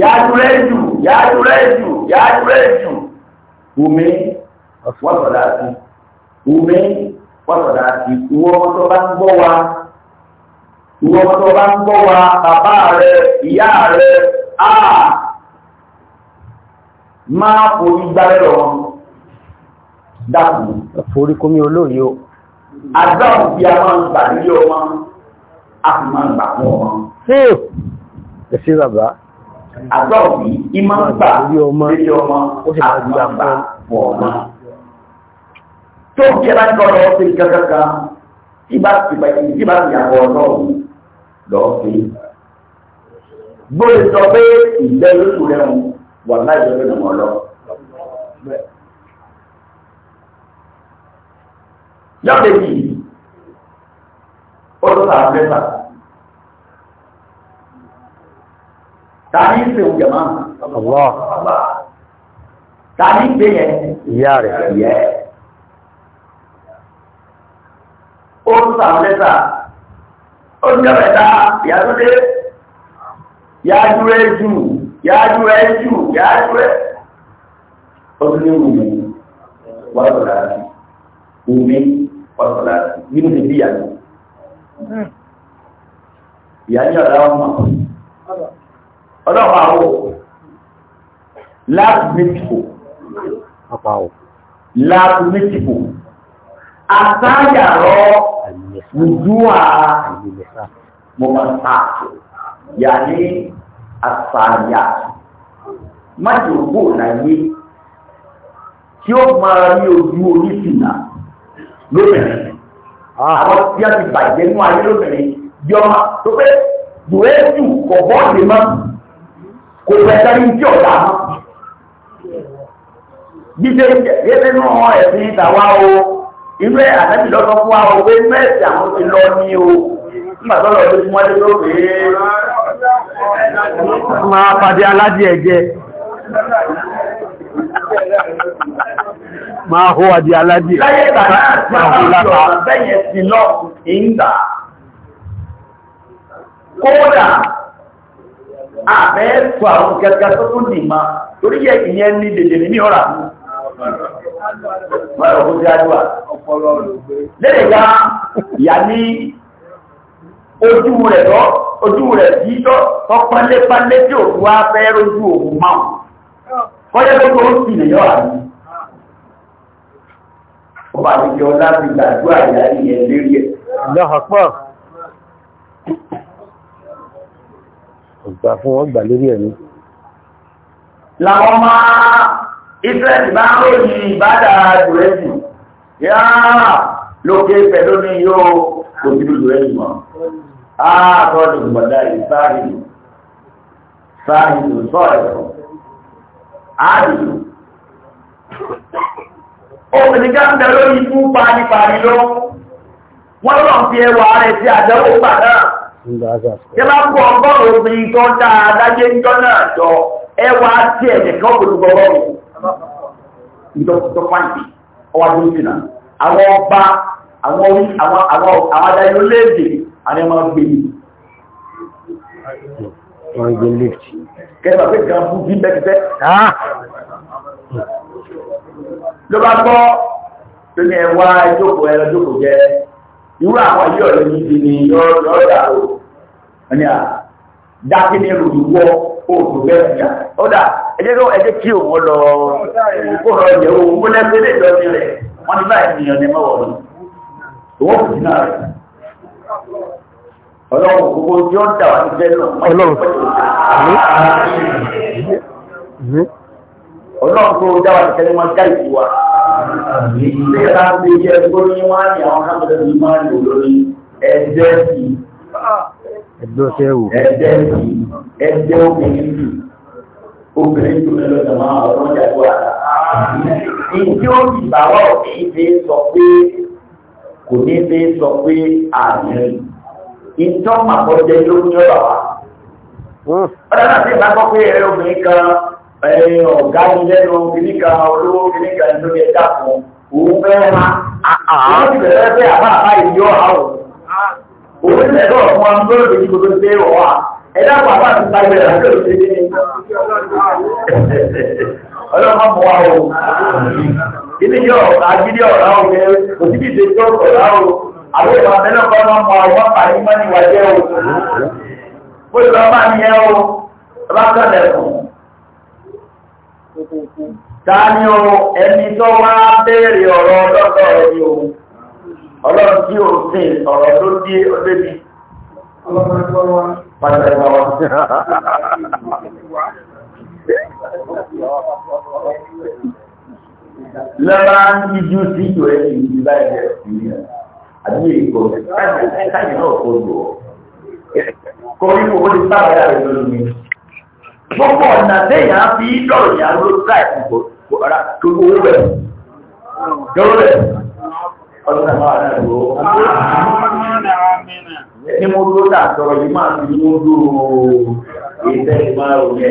yáa dúró jù yáa dúró jù yáa dúró jù omi wọ́n sọ̀dá sí omi wọ́n sọ̀dá sí ìwọ ọmọ tó bá ń gbọ́ wa ìwọ ọmọ tó bá ń gbọ́ wa bàbá rẹ ìyá rẹ á máa forí gbálẹ̀ lọ dákùn. forí kómi olóòyò àdáhùn bí a máa ń gbà nílé ọmọ a sì máa ń gbà fún ọmọ. ẹ ṣe bàbá. àdáhùn bí i máa ń gbà nílé ọmọ a sì máa ń fún ọmọ. tó kí ẹ kọ́ lọ sí kankan tí bá ti bá ti bá ti yàgò ọlọ́run lọ́ọ́ sí. gbọ́dọ̀ sọ pé ìgbẹ́ lóṣù rẹ̀ wọ̀n láì lọ́dọ̀ ọmọ lọ́kẹ̀jì ó tó tà lẹ́fà tàbí ń pèwò jẹ̀má tàbí ń pè yẹn ìyá rẹ̀ yẹ ó tó tà lẹ́fà ó ń jẹ́ mẹ́ta ìyá tó dé yáájú rẹ̀ jù yáájú jù yáájú ó tún ní wùmí wàlúùrà wùmí ọ̀sọ̀lá bí mo ti bí ìyá mi. Hmm. ìyá ní ọ̀dà ọmọ ọlọ́pàá o láàbù mẹ́tìkò láàbù mẹ́tìkò àtàyàrọ̀ wùdúwà mọ̀mọ́sáàtò yà ní àtàyà májòkó láyé tí ó máa rí ojú oníṣìnà. lóbìnrin ah. àwọn tí a ti bàjẹ́ ayé lóbìnrin yọmọ tó pé dùwẹ́jù kò bọ́ọ̀dì mọ́ kò pẹ̀lú ẹni tí ọ̀dà mọ́ jíjẹ ní nú ẹ̀sìn ìtàwá o inú ẹ̀ àtẹ́bí lọ́sọ fún wa o inú àwọn ti lọ ní o nígbà tó lọ sí fún ọdún máa pàdé aládìẹ ma hó adì aládì kódà àbẹ́ ẹ̀kọ́ àwọn kẹta tó kún ní ma torí yẹ ìyẹn ní dèdè ní ọ̀rà mọ́ ọ̀rọ̀ ọ̀gbọ́n tí a dúwà lẹ́yìnká ìyà ní ojú rẹ̀ tọ́ ojú rẹ̀ tí tọ́ tọ́pọ́lẹ́pálẹ́ tí òkú wá fẹ́ rójú òun máa kọ́yẹ́ tó kó sì nìyọ́ àmì ọba àtijọ́ láti gbàdúrà ìyáyí yẹn lérí ẹ̀. lọ́hàpọ̀ ọgbà fún wọn gbà lórí ẹ̀mí. làwọn máa israẹli bá ń ròyìn ìbádà dùrẹ́sì yá lókè pẹ̀lú ní yóò kò sí dùrẹ́sì mọ́. ààtọ́ ni gbọ̀dá ìsáàrìlù sáàrìlù sọ̀rọ̀ ààrìlù obìnrin ká ń bẹ lórí ikú panipani lọ wọ́n lọ fi ẹwà rẹ̀ sí àdẹ́wò pàdá tí bá kú ọgọ́rùn obìnrin tó dáa dájé ń jọ́nà àjọ ẹwà tí ẹ̀jẹ̀ kan kò lù gbọ́rọ̀ ìdọ́kùtọ́ pàǹtì ọwá tó ń sìn náà àwọn ọba àwọn orí àwọn adájọ́ léèdè àwọn ẹmọ gbé yìí wọ́n gbé lift kẹ́lá pé gan fún bí bẹ́ẹ̀ ló bá gbọ́ tó ní ẹwà ìjókòó ẹlọ jókòó jẹ irú àwọn yíò lè ní ti ní ọ̀dà o ẹni à dákí ní ẹrù ìwọ oògùn bẹ́ẹ̀ ni à ọ̀dà ẹjẹ́ tó ẹjẹ́ kí òun lọ kó lọ jẹ òun kó lẹ́gbẹ́ lè lọ sí rẹ̀ wọ́n ti báyìí nìyàn ní mọ́wọ́ ni òun kò sí náà rẹ̀ ọlọ́run gbogbo tí ó ń dà ní fẹ́ náà ọlọ́run ọlọ́run tó dáwà ní kẹ́lẹ́ wọn gáì sí wa ṣé ẹ máa ń gbé jẹ́ lórí wọn ní àwọn kámẹ́rẹ́ ní máa ń lò lórí ẹgbẹ́ sí ẹgbẹ́ sí ẹgbẹ́ sí ẹgbẹ́ obìnrin sí obìnrin tó lọ lọ máa ọ̀rọ̀ jáde wà ìdí ó sì bàwọ̀ kìí fi sọ pé kò ní fi sọ pé àmì ìtọ́ màkọ́jẹ́ ló ń yọ̀ wá. ọ̀dọ́ náà sì bá pé ẹ̀rọ obìnrin kan ẹ̀yìn ọ̀gá ni lẹ́nu kìníkà olówó kìníkà ní lórí ẹ̀dá fún òun fẹ́ ma ah, ah. òun ti bẹ̀rẹ̀ fẹ́ àbá àbá ìyọ́ àwọ̀ òun ti bẹ̀rẹ̀ fún wa ń bọ́rọ̀ lórí gbogbo ṣe é wà ẹ̀dá fún àbá ti sáré rẹ̀ lórí ṣe é ọlọ́mọ mọ̀ wá o ilé yọ agídí ọ̀rá o yẹ kò sí kìí ṣe tó ọ̀rá o àwọn ìwà mẹ́lẹ̀ kọ́ máa mọ àwọn pàrí mọ́ níwájẹ́ o bó ṣe lọ́ máa ń yẹ o rákàlẹ̀kùn Tani o ẹni tó wá béèrè ọ̀rọ̀ ọlọ́dọ̀ ẹni o, ọlọ́run tí o sìn ọ̀rọ̀ tó dé ọdẹ́bí. Pàtàkì wa. Lọ́la ń yíjú sí ìjọ ẹni ìlú láìpẹ́ ìrìn àbí èkó káyìn náà kó lò ó. Koríko ó ti sábà yára lórí mi gbogbo ọ̀nà téèyàn á fi lọ́rọ̀ yà ló dá ìfúnpọ̀ kò ara tó owó rẹ̀ lọ́rọ̀ rẹ̀ ọdún náà máa rẹ̀ lọ́wọ́. ní mo dúró dà sọ̀rọ̀ yìí máa fi mú dúró ìtẹ́ ìmọ̀ òye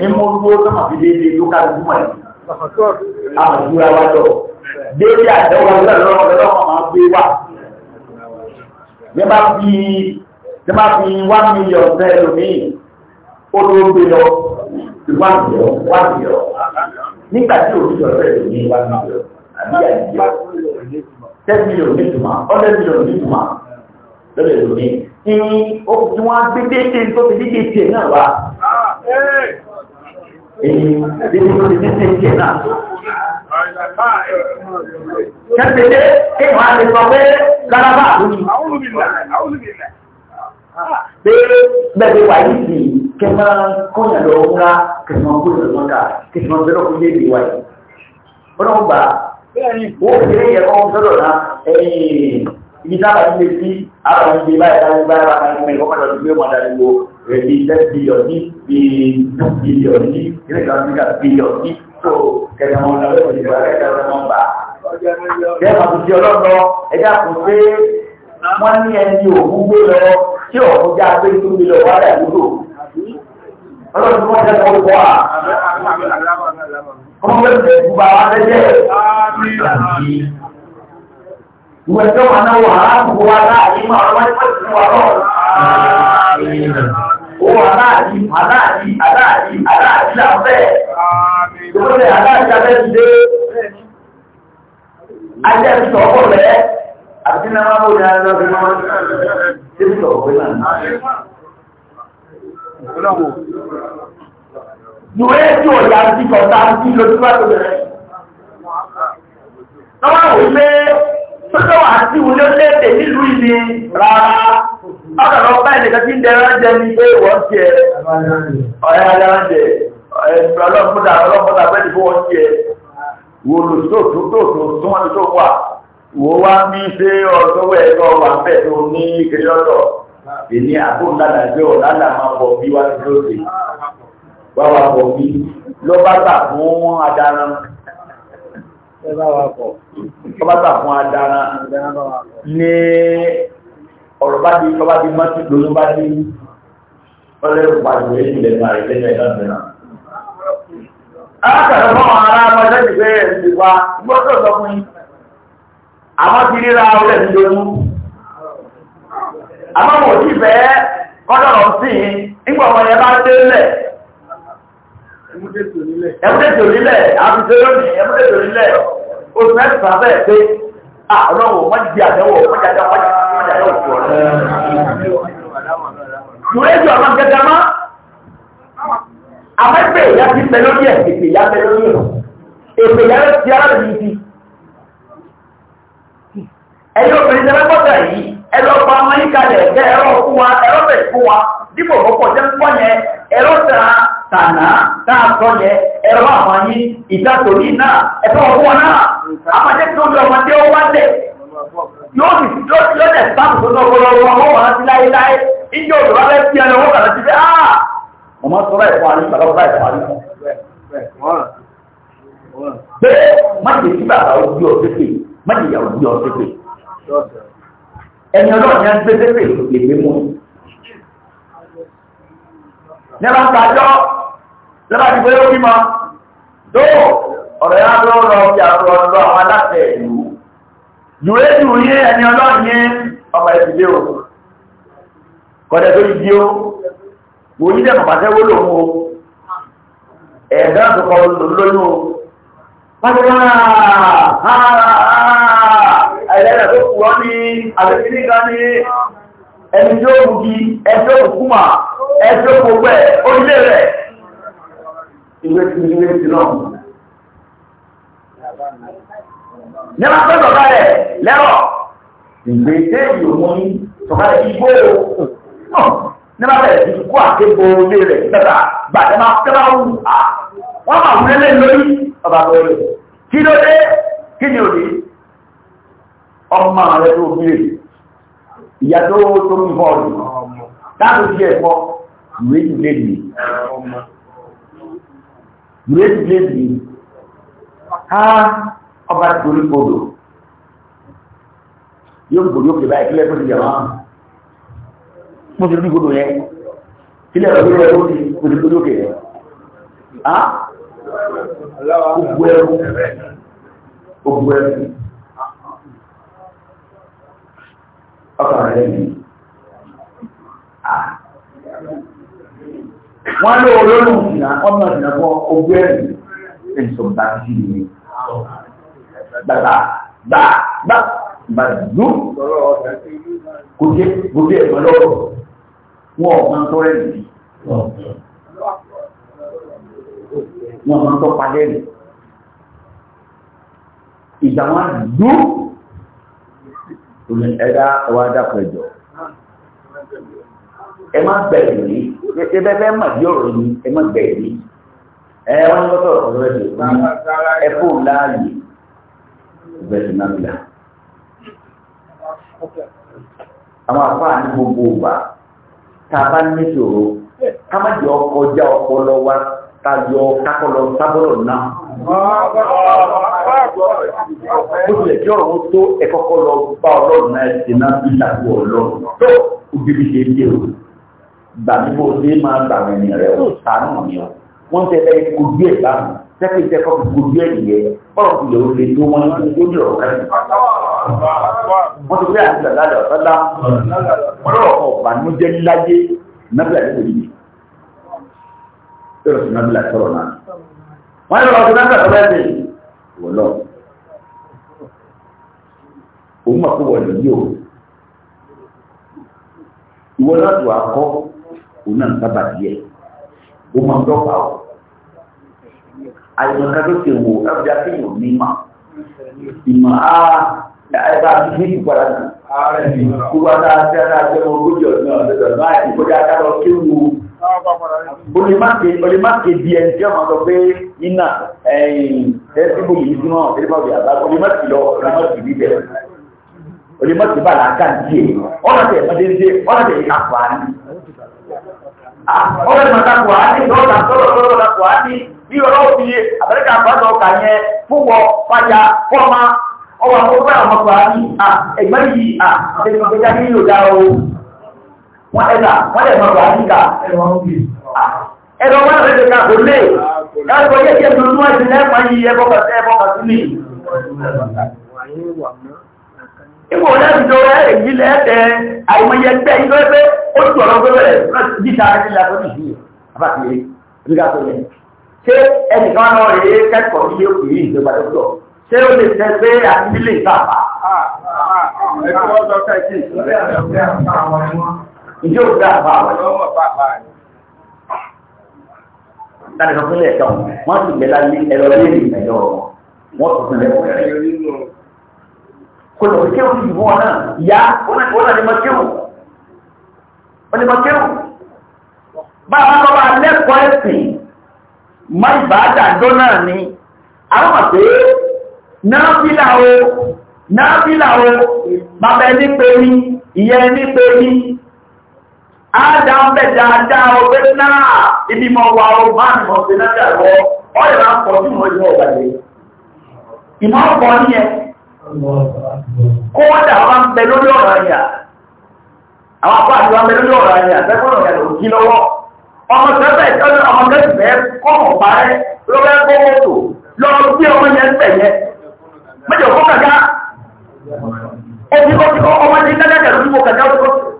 ní mo dúró sọ̀rọ̀ fi déédéé ló ká dúró ẹ̀. àwọn ìdúrà wa jọ déédéé àdéhùn ọ̀rẹ́ lọ́wọ́ lọ́wọ́ máa gbé one million fẹ́ lómi ó ló gbé lọ wá sí ọ wá sí ọ nígbà tí òbí sọ̀rọ̀ rẹ̀ ní wá sí ọ àbí àyíká ten million ní tuma hundred million ní tuma lọ́dọ̀ èlò ní ìyìn ó ti wọ́n gbé déédéé tó fi dídé tiẹ̀ náà wá èyí déédéé tó fi dídé tiẹ̀ náà. Kẹ́sìndé kéwàá lè sọ pé lára bá àlùmí pé bẹ́ẹ̀ wà yìí sí kí máa kóyàn lọ ńlá kí máa kóyàn lọ ká kí máa bẹ́ẹ̀ lọ́kùn lé ìwà yìí. wọ́n náà gbà ó kéré yẹ kọ́ sọ́dọ̀ náà ibi táwọn ti lè fi àwọn ìdí báyìí láti bá ara kan mẹ́rin kọ́kọ́ lọ sí pé wọ́n darí wo rẹ̀ bí billion billion ní ilé ìjọba billion ní tó kẹta wọn lọ sí ìgbà kẹta wọn bá. bẹ́ẹ̀ máa wọ́n ní ẹni òun gbé lọ tí òun já gbé tó gbé lọ wádà ìlú ọlọ́run tí wọ́n jẹ́ kọ́ wà ọmọ bẹ́ẹ̀ bẹ́ẹ̀ bá wá lẹ́jẹ́ ìwé tó wà náà wà láàbù wà láàyè máa wọ́n wáyé pẹ̀lú wà lọ́rùn ó wà láàyè aláàyè aláàyè aláàyè lábẹ́ ìwé aláàyè abẹ́ ti dé ajẹ́ ìsọ̀kọ̀ rẹ̀ àti náà wọ́n bó ní ara lọ́gbẹ́ mọ́ títí ọ̀gbẹ́ náà. Ìwé tí ó yà sí kọ̀ọ̀tà sí lójú bá tó bẹ̀rẹ̀. Lọ́wọ́ àwọn ilé sọ́jọ́wà sí ilé léde nílùú ìlú rárá. Ọ̀dọ̀lọ́ bá ẹnìkan tí ń dẹ̀rẹ́ jẹ ní pé wọ́n ti ẹ̀. Ọ̀rẹ́ adára jẹ, ọ̀rẹ́ ọlọ́pọ̀dà ọlọ́pọ̀dà bẹ́ẹ̀ wo wá bí ṣe ọ̀dọ́wọ́ ẹ̀kọ́ wà bẹ́ẹ̀ tó ní kiri ọ̀dọ̀ èmi àbúndàdà gbé ọ̀dàdà máa bọ̀ bí wá sí lóde wá wà bọ̀ bí ló bá tà fún adaran ló bá tà fún adaran ní ọ̀rọ̀ bá di ọba di mọ́tì lóyún bá di ọlẹ́rù pàdé ìlẹ̀ parí lẹ́yìn ẹ̀dá mìíràn. alákàtà fún àwọn ará ọmọdé ti fẹ́ẹ́ ti wá gbọ́dọ̀ sọ àwọn ti ríra ọlẹ́ ti lóyún àmọ́ mo ti fẹ́ kọ́dọ̀rọ̀ sí i nígbà ọmọ yẹn bá dé lẹ̀ ẹmúdé tò nílẹ̀ àbùsọ lónìí ẹmúdé tò nílẹ̀ oṣù mẹ́sàn-án bẹ́ẹ̀ pé ọlọ́wọ́ wọ́n di àdẹ́wò wọ́n di àdẹ́wò wọ́n di àdẹ́wò tó ọ̀rẹ́ ìrẹ́jọ àwọn gẹ́gẹ́ máa amẹ́gbẹ̀ẹ́ ìyá ti pẹ̀ lórí ẹ̀ èpè ìyá pẹ̀ lórí ẹ̀ èpè ìyá ti ara rẹ̀ yìí ẹ̀yin obìnrin tẹ́lẹ̀ gbọ́dọ̀ yìí ẹ lọ pa ọmọ yín kalẹ̀ kẹ́ ẹ̀rọ fún wa ẹ̀rọ bẹ̀ fún wa dípò pọ̀pọ̀ jẹ́ fún yẹn ẹ̀rọ ta tànà táàtọ́ yẹ ẹ̀rọ àwọn yín ìtàtòrí náà ẹ̀fọ́ ọ̀fọ́ náà àmọ́jẹ́ tí ó lọ ọmọdé ó wá lẹ̀ yóò sì lọ́dẹ̀ sáàpù tó lọ́wọ́ lọ́wọ́ wọn láti láéláé iye òdòdó alẹ́ fi ẹnu owó kàlẹ́ ti fẹ́ áà mo máa sọ́ra ẹ̀fọ́ àrí bàbá bàbá ẹ̀fọ́ àrí bẹ́ẹ̀ má jẹ́ kí bàbá ó bí ọ ẹni ọlọ́run ní agbẹ́sẹ̀ pé èmi mú un. nígbà gbàjọ́ lọ́ba ti gbé orí ma tó ọ̀rọ̀ yá ló lọ fi àrùn ọ̀dọ́ àwọn aláṣẹ ìlú. yùrẹ́jù yé ẹni ọlọ́run yé ọmọ ìdílé o kọ́dẹ̀ tó yí o wò ní dẹ́mọ̀ pàtẹ́wó lòun o ẹ̀ẹ́dá tó kọ́ lóyún o. pàtẹ́wó náà ẹ̀lẹ́rẹ̀ tó kù wọ́n ní àbẹ̀kìní kan ní ẹni tí ó rúgi ẹjọ́ òkúmà ẹjọ́ gbogbo ẹ̀ orílẹ̀ rẹ̀ ìwé ti ìwé ti náà nígbà tó tọ̀ka rẹ̀ lẹ́rọ̀ ìgbésẹ̀ ìyòmọ́ ní tọ̀ka rẹ̀ igbó nígbà bẹ̀rẹ̀ ti kó àkébò ilé rẹ̀ tẹ̀ta gbàdẹ́ máa tẹ́lá wù á wọ́n máa wúlé lórí ọba lórí kí ló dé kí ni òde ọmọ rẹ tó bèèrè ìyà tó tó ń bọ̀ ọ̀dùn táàbù sí ẹ̀kọ́ méjì léèdì méjì léèdì ha ọba torí kodò yóò gbòdó òkè báyìí kílẹ̀ fún ìjọba mo ti rí kodò yẹn kílẹ̀ fún ìjọba tó ti kò ti gbòdó òkè yẹn ha gbogbo ẹrù gbogbo ẹrù ọkọ̀ rẹ̀ yìí. Wọ́n ló olóòrùn ìsìnà ọmọ ìsìnà fún ogún ẹ̀rì ẹ̀sùn bá ti ní. Bàbá bá bá bá dùn kòkè kòkè ẹ̀gbọ́n lọ́wọ́ wọn ò máa rẹ̀ nìyí. Wọ́n máa ń padẹ́ nì. Ìjà wọn dùn òní ẹ̀dá ẹwà dàpọ̀ ẹ̀jọ̀ ẹ má bẹ̀rẹ̀ ní ẹ bẹ́ẹ̀ fẹ́ mà bí ọ̀rọ̀ ni ẹ má bẹ̀rẹ̀ ní ẹ wọ́n ń lọ́tọ̀ ọ̀rọ̀ ẹ̀ ní ẹ fò láàyè bẹ̀rẹ̀ náà bìlà. àwọn afáà ní gbogbo wa tá a bá ní ìṣòro ká má jẹ́ ọkọjá ọpọlọ wa tayọ kákọlọ sábọ́rọ̀ náà. Ó ti lè kí ọ̀rọ̀ wọn tó ẹ̀kọ́kọ́ lọ bá ọlọ́run náà ti náà bí ìṣàkó ọlọ́run. Tó ògidì ṣe dé o. Gbàmí bó ṣe máa gbà wọn ní rẹ̀ ó sànù ni o. Wọ́n ń tẹ́lẹ̀ ojú ẹ̀ bá mi. Sẹ́kì ń tẹ́kọ̀ fi ojú ẹ̀ nìyẹn. Bọ́lá ti lè oṣù tó wọn ní ojú ọ̀rọ̀ kan. Wọ́n ti fẹ́ àti ìgbàlá yóò sì náà sọ̀rọ̀ náà wọ́n yóò lọ sí náà sọ̀rọ̀ ẹ̀sìn wọ́n lọ òun mọ̀ unang wọ́n lè yí o ìwọ náà tó akọ òun náà ń sábà díẹ̀ ó máa ń dọ́gba o àyùmọ̀ kan tó ti wò ẹ̀fọ́ yàtí yóò ní mà ìmọ̀ á ẹ̀ka olùmọ́kè di ẹni tí ọmọ sọ pé iná ẹ̀yìn ẹ̀sìnbò yìí tí wọ́n tẹ́lẹ̀ bá wùyà bá olùmọ́kè lọ olùmọ́kè bí bẹ̀rẹ̀ olùmọ́kè bá làákà díẹ̀ ọ̀nà tẹ̀ ọ̀dẹ́dẹ́ ọ̀nà tẹ̀ ìkàkọ̀ àní. ọ̀nà tẹ̀ ìkàkọ̀ àní lọ́ọ̀dà sọ̀rọ̀ lọ́ọ̀dà àní bí ọlọ́wọ́ fi àbẹ̀rẹ̀kà àbájọ ọkà yẹn fúwọ́ fàjà fọ́ọ̀mà ọwọ́ àwọn ọgbẹ́ àwọn ọkọ̀ àní ẹ̀gbẹ́ yìí wọ́n ẹ̀dà wọ́n lẹ̀ mọ̀ àríkà ẹ̀rọ wọn rẹ̀ lẹ́ka kò lè káàkó yẹ́ kí ẹ̀dùn lọ́wọ́ ti lẹ́pàá yí ẹbọ́ kàtí ẹbọ́ kàtí ní ipò lẹ́bìdó rẹ̀ èyí lẹ́ẹ̀tẹ̀ àìmọye ẹgbẹ́ ìjọ ẹgbẹ́ ó tù ọ̀rọ̀ gbẹ́rẹ̀ jíta nílẹ̀ àtọ́jú sí àbáfẹ́ rígàtọ̀ yẹn ṣé ẹnìkan náà rèé kẹ́kọ̀ọ́ ní yóò kìí ìjọba tó tọ̀ ṣé ó lè tẹ́ pé àti nílé ìtàpá ìjọ òdá àbá àwọn ọmọ pàpà rẹ̀ láti sọ fún ẹ̀tọ́ wọ́n sì gbẹ̀lá ní ẹ̀rọ léèrè ìmẹ̀lọ wọ́n tó fún ẹ̀kọ́ rẹ̀ kò lọ sí kéwù ìdìbò wọn náà ìyá wọn náà ní mọ kéwù wọn ní mọ kéwù báwa kọ́ bá lẹ́kọ̀ọ́ ẹ̀sìn má ìbáàdà dó náà ni àwọn mọ̀ pé náà fílà o náà fílà o bàbá ẹni pé ní ìyá ẹni pé ní àádáńbẹ̀ dáadáa ọgbẹ́ náà ibi mọ̀ wà ó máa ń mọ̀ sí náà lọ ọ̀rẹ́ máa ń pọ̀ sí mọ̀ ìwọ̀ ọ̀gbàlẹ̀ ìmọ̀ ọ̀pọ̀ ní ẹ kó wọ́n dà wọ́n bẹ lórí ọ̀rọ̀ ẹ̀yà àwọn àpá àti wọn bẹ lórí ọ̀rọ̀ ẹ̀yà fẹ́kọ̀ọ́ ẹ̀yà ló jí lọ́wọ́ ọmọ sẹ́fẹ̀ ìtọ́jú ọmọ kẹsìfẹ́ kọ́mọ̀ parẹ́ lọ́wọ́ ẹ̀kọ́ mọ́tò lọ sí ọmọ yẹn tẹ̀ yẹn mẹ́jọ kọ́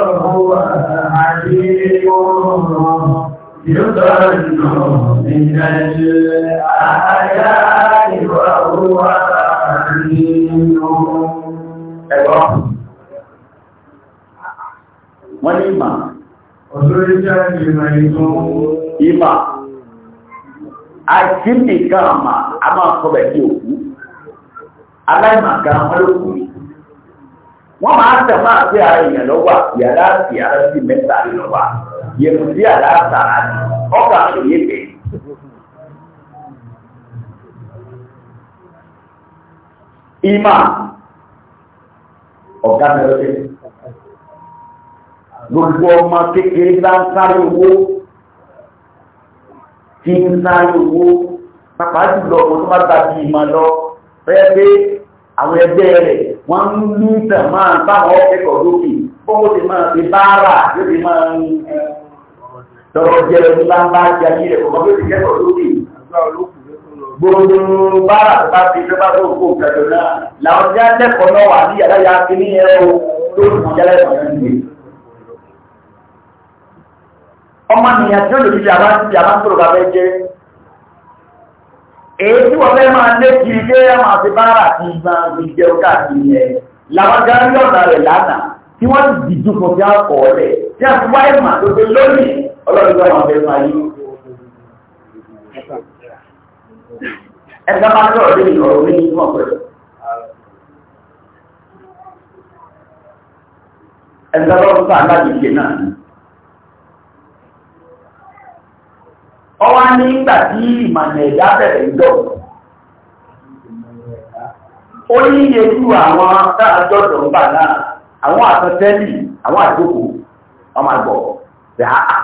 هو العليم يضل من الآيات وهو العليم wọ́n ní ìmà ọ̀sọ́rí jẹ́ ìrìnà ìtọ́ ìmà àti nìkan àmà a máa kọ́ bẹ̀ ní òkú aláìmàkà wọ́n ló wọ́n máa tẹ̀ máa pé ara èèyàn lọ́wọ́ yàrá sí ara sí mẹ́ta lọ́wọ́ yẹ̀mú sí àrá sàrà ní ọkà òye bẹ̀. ìmà ọ̀gá mẹ́rẹ́tẹ́ gbogbo ọmọ kékeré bá ń sáré owó tí ń sáré owó pàpàá jùlọ ọmọ tó bá gbà ìmọ̀ lọ fẹ́ pé àwọn ẹgbẹ́ rẹ̀ wọ́n ń ní tẹ̀ máa báwọn kẹ́kọ̀ọ́ lókè bọ́wọ́ ti máa fi báárà yóò fi máa ń eh, tọrọ jẹ ẹni bá ń bá jẹ ayé rẹ̀ kọ̀ọ̀kan yóò ti kẹ́kọ̀ọ́ lókè. gbogbo báárà tó bá fi fẹ́ bá tó kó gbàdọ̀ náà làwọn ti á lẹ́kọ̀ọ́ náà wà ní yàrá ya kí ní ẹ̀rọ tó kù jálẹ̀ ọmọ nìyànjú lòdì àbá èyí tí wọ́n fẹ́ máa lé kí ilé ẹ̀mà àti bára àti ìgbà ìjẹ ọ̀gá àti ilẹ̀ làwájá ní ọ̀nà rẹ̀ lánàá tí wọ́n ti dìjú kan tí a kọ̀ ọ̀lẹ̀ tí a fi wá ẹ̀mà tó fi lónìí ọlọ́run tó máa fẹ́ máa yí. ẹ̀ka máa lọ́rọ̀ lé ìrọ̀rùn ní ìtumọ̀ pẹ̀lú. ẹ̀ka lọ́rùn sáà láti ìgbé náà ni. ọwá ní ìgbà tí ìmọ̀nà ẹ̀dá bẹ̀rẹ̀ ìjọ ó ní iye ju àwọn táàjọ́dọ̀ ń bà náà àwọn àtọ́tẹ́lì àwọn àjókò ọmọ àgbọ̀ rẹ̀ á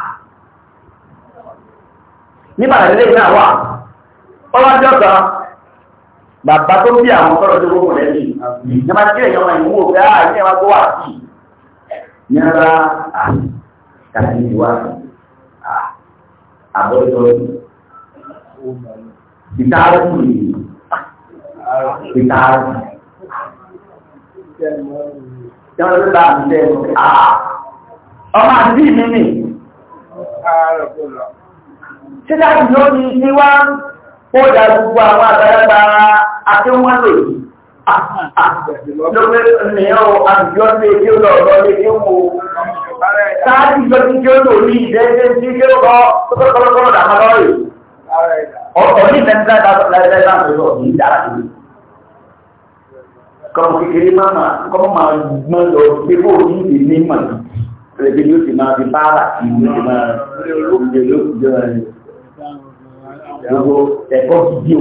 nígbà ilé náà wà ọlọ́jọ́ kan bàbá tó bí àwọn tọ́rọ̀ tó gbogbo rẹ̀ ní ìjọba tí èèyàn máa ìwúwo pé àà ní ẹwà tó wà sí ìyára àti kàtàkì wà sí àbọ̀tọ̀ ìtaàkù yìí ìtaàkù. Tí wọ́n ló bá mi jẹ́ ọmọ àti mi nì. Títàkù ló ní tí wá kó dà gbogbo àwọn àgbàlagbà akéwọ́n lòdì lókè nìyàn àjọ lè kí ó lọ lọ lè kí ó mú sáájú lọ sí kí ó lò ní ìdẹ́gbẹ́ sí kí ó lọ kọ́lọ́kọ́lọ́ dàmà lọ́rẹ̀ ọ̀pọ̀ ní ìfẹ́ntà láìláìlá ọ̀rọ̀ ní ìdára ìlú kọmọ kékeré máma kọmọ máa gbọ́n lọ pé bó ní ìdè ní mọ̀ lẹ́gbẹ́ ni ó ti máa fi bára kí ó ti máa lè lókùjọ́ rẹ̀ gbogbo ẹ̀kọ́ fídíò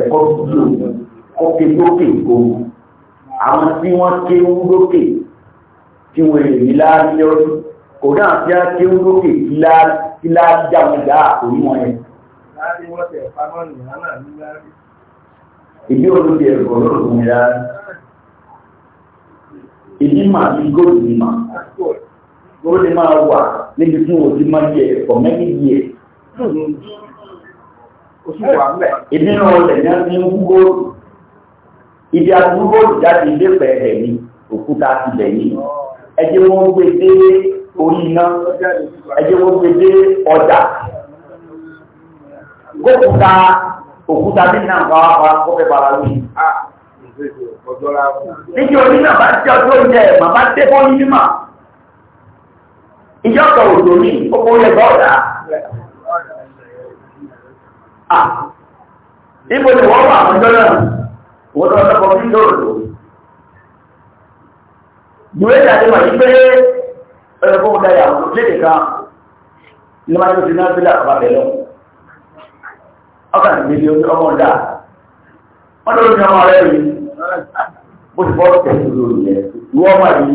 ẹ̀kọ́ fídíò kókè lókè kó àwọn tí wọ́n kéwú lókè tí wọ́n lè ní láàrín lọ́dún kò náà tí a kéwú lókè kí lájáwùdá àkórí wọn yẹn. Ìdí olóde ẹ̀kọ́ lọ́dún mi rárá. Ìdí màá ní góòlù ní màá. Góòlù máa wà níbi tí wọ́n ti máa yẹ ẹ̀kọ́ mẹ́rin Ìdí náà ní a ibi àdúgbò jáde ilé pẹ̀lẹ̀ ni òkúta tilẹ̀ ni ẹjẹ́ wọn gbé dé orí iná ẹjẹ́ wọn gbé dé ọjà kókúta òkúta bí náà bá wà kó fẹ́ bára wí. níbi orí náà bá jẹ́ ọjọ́ ìjẹ́ màmá dé bọ́ ní mímọ́ ìjọ ọ̀tọ̀ òjò mi ó kó yẹ bọ́ọ̀dà. Ibo ni wọ́n wà àwọn ọjọ́ wọ́n tó ń tọ́kọ sí lóòrò. ìwé ìdájọ́ wà ní pé ẹ̀rọ fún ọ̀dà ìyàwó léde kan ní máa ń fi náà sílẹ̀ àkọ́bá bẹ̀rẹ̀ ọkàn ìgbèlè ọmọ ọ̀dà wọ́n tó ń fi ọmọ rẹ̀ rí bó ti bọ́ tẹ̀lé lórí rẹ̀ wọ́n máa yí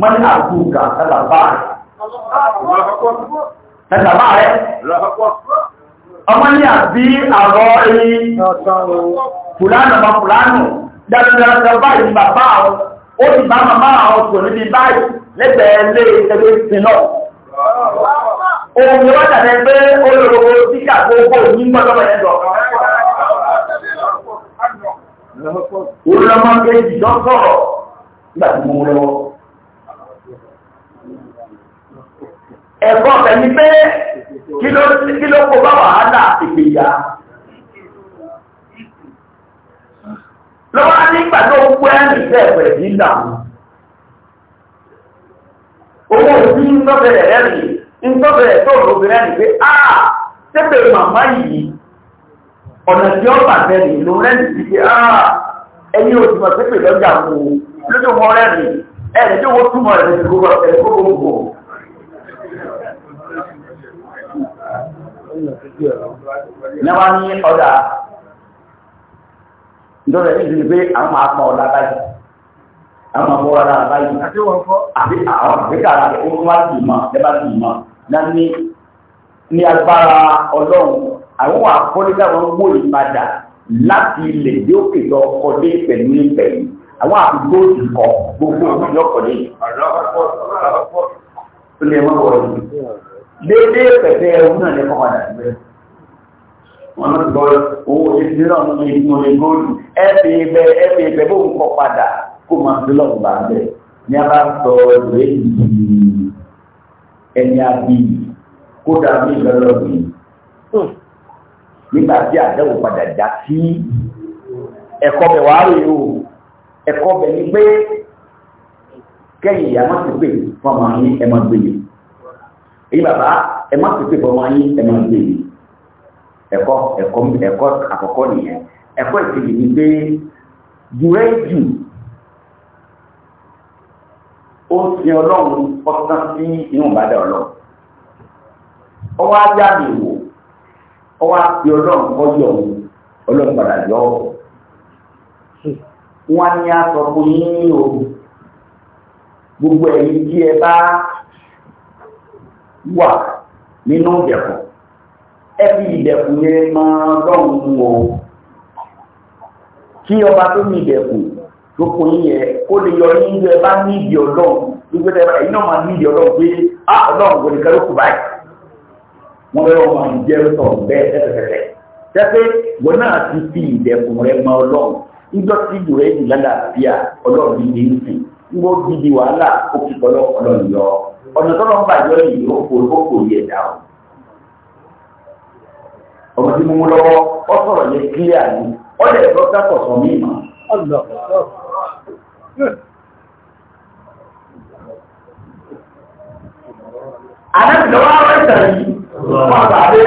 mọ́ni àbúkà sábà bá rẹ̀ Ẹ̀sà máa rẹ̀. Ọmọ ní àbí àrọ ẹni fùlánù ọmọ fùlánù dáadáa báyìí ní bàbá àwọn ó ti bá màmá àwọn sọ níbi báyìí lẹ́gbẹ̀ẹ́ lé ẹgbẹ́ ìsìn náà. Òun ni wọ́n dàbẹ̀ pé olórogbo títà gbogbo ní gbọ́dọ̀ yẹn lọ. Olùlọ́mọ kejì lọ sọ̀rọ̀ nígbà tí mo lọ. Ẹ̀kọ́ ọ̀fẹ́ ni pé kí ló kó bá wàhálà ìgbéyà. lọ́wọ́ nígbà tó kú ẹ̀rìn ìfẹ́ẹ̀fẹ́ nílà owó sí ńtọ́bẹ̀rẹ̀ ẹ̀rìn ńtọ́bẹ̀rẹ̀ tó lóbìnrin ẹ̀rìn pé a tẹ́bẹ̀ màmá yìí ọ̀nà tí ó bàtẹ́ ní ló rẹ́ǹtì sí pé ah ẹni ò túmọ̀ tẹ́pẹ̀ lọ́jà mú lójú mọ́ rẹ́rìn ẹ̀rìn tó wọ́n túmọ̀ rẹ̀ ní gbogbo Nyaba ni ìjọba yìí ti di pé àwọn máa pa ọ̀dà báyìí àwọn máa fọwọ́ ara báyìí àti àwọn àgbékà rẹ̀ ó wá sí ìmọ̀ ẹ bá sí ìmọ̀ náà ní ní agbára ọlọ́run àwọn àkọ́lẹ́dá wọn wó ìpadà láti ilẹ̀ yóò kéjọ ọkọ̀dé pẹ̀lú ìpẹ̀ yìí àwọn àdúgbò ìkọ̀ gbogbo ìlọ́kọ̀dé yìí. ó lè wọ́n wọ̀ ọ́ yìí. déédéé pẹ̀lú ẹ̀rú náà lẹ́kọ̀ọ́ padà síbẹ̀ wọ́n náà gbọ́ owó ìṣẹ́lẹ̀ ọ̀nà ìgbìmọ̀ ìgbòòlù ẹ̀fẹ̀ ibẹ̀ ẹ̀fẹ̀ ibẹ̀ bó ń kọ padà kó máa fi lọ́ọ̀ gbà bẹ̀ ní a bá sọ ìwé ìdìbò ẹni àbí kó dàbí ìlọ́lọ́gbìn hmm. nígbà tí àdẹ́wò padà já sí ẹ̀kọ́ bẹ̀ wàá rèé o ẹ̀kọ́ bẹ̀ ni pé kẹ́yìn ìyá má ti pè fún ọmọ yín ẹ má gbé yìí èyí bàbá ẹ má ti pè fún ọmọ yín ẹ má gbé yìí ẹ̀kọ́ ẹ̀kọ́ ẹ̀kọ́ àkọ́kọ́ nìyẹn ẹ̀kọ́ ìkejì ni pé dùrẹ́jù ó sin ọlọ́run ọ̀sán sí inú ìbàdàn ọlọ́run ọwọ́ ajá mi wò ọwọ́ àti ọlọ́run kọ́ yọ òun ọlọ́run padà yọ ọ́ wọn ní aṣọ fún yín o gbogbo ẹ̀yin tí ẹ bá wà nínú ìdẹ̀kùn ẹbí ìdẹ̀kùn yẹn máa rọrùn o kí ọba tó ní ìdẹ̀kùn tó kún yín yẹ kó lè yọ yín yẹ bá ní ìdí ọlọ́run wípé tẹ́lá ẹ̀yin náà máa ní ìdí ọlọ́run pé á ah, ọlọ́run kò ní kẹ́rù kù báyìí wọ́n fẹ́ wọ́n máa ń jẹ́ sọ bẹ́ẹ̀ tẹ́tẹ̀tẹ̀tẹ̀ tẹ́tẹ́ wọn náà ti fi ìdẹ̀kùn rẹ mọ ọlọ́run níjọ́ tí ìdù rẹ jù lálàáfíà ọlọ́run ní ní sìn nígbó gidi wàhálà ó kí ọlọ́run yọ ọ̀nà tọ́lọ́ ń bàjọ́ yìí ó kò ó kò yẹ dáhùn ọ̀rọ̀ tí mo mú lọ́wọ́ ọ sọ̀rọ̀ yẹ kílíà ni ọ lè lọ dákọ̀ sọ mí mọ́. Àdájọ́ wa wá ìtàn yìí, wọ́n àbáwé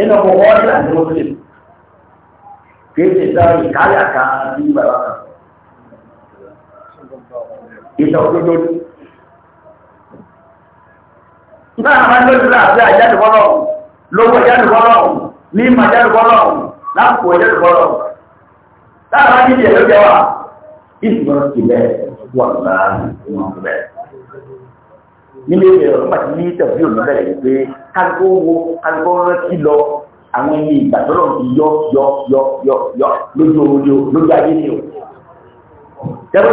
inú ọkọ̀ wọ́n ní àti mọ́sílẹ̀. Kìí ṣe sáré ìkáyà kan ní bàbá kan. Ìtàn òdodo ni. Nígbà àwọn ọmọdé lórí àti àjáde wọ́n lówó jáde bọ́lọ̀ ọ̀hún ní ìmọ̀ jáde bọ́lọ̀ ọ̀hún láàpò jáde bọ́lọ̀ ọ̀hún láàrín wájú ìdí ẹ̀lọ́ jẹ́ wa ìsìnkú ti bẹ́ẹ̀ wà láàrín ìwọ̀n ti bẹ́ẹ̀. nílé ìrọ̀ nígbà tí ní tẹ̀sí òní bẹ̀rẹ̀ yìí pé kájúkó wo kájúkó rántí lọ àwọn iye ìgbà tó ti yọ yọ yọ yọ yọ lójú ojú lójú ayé ni o. jẹ́wọ́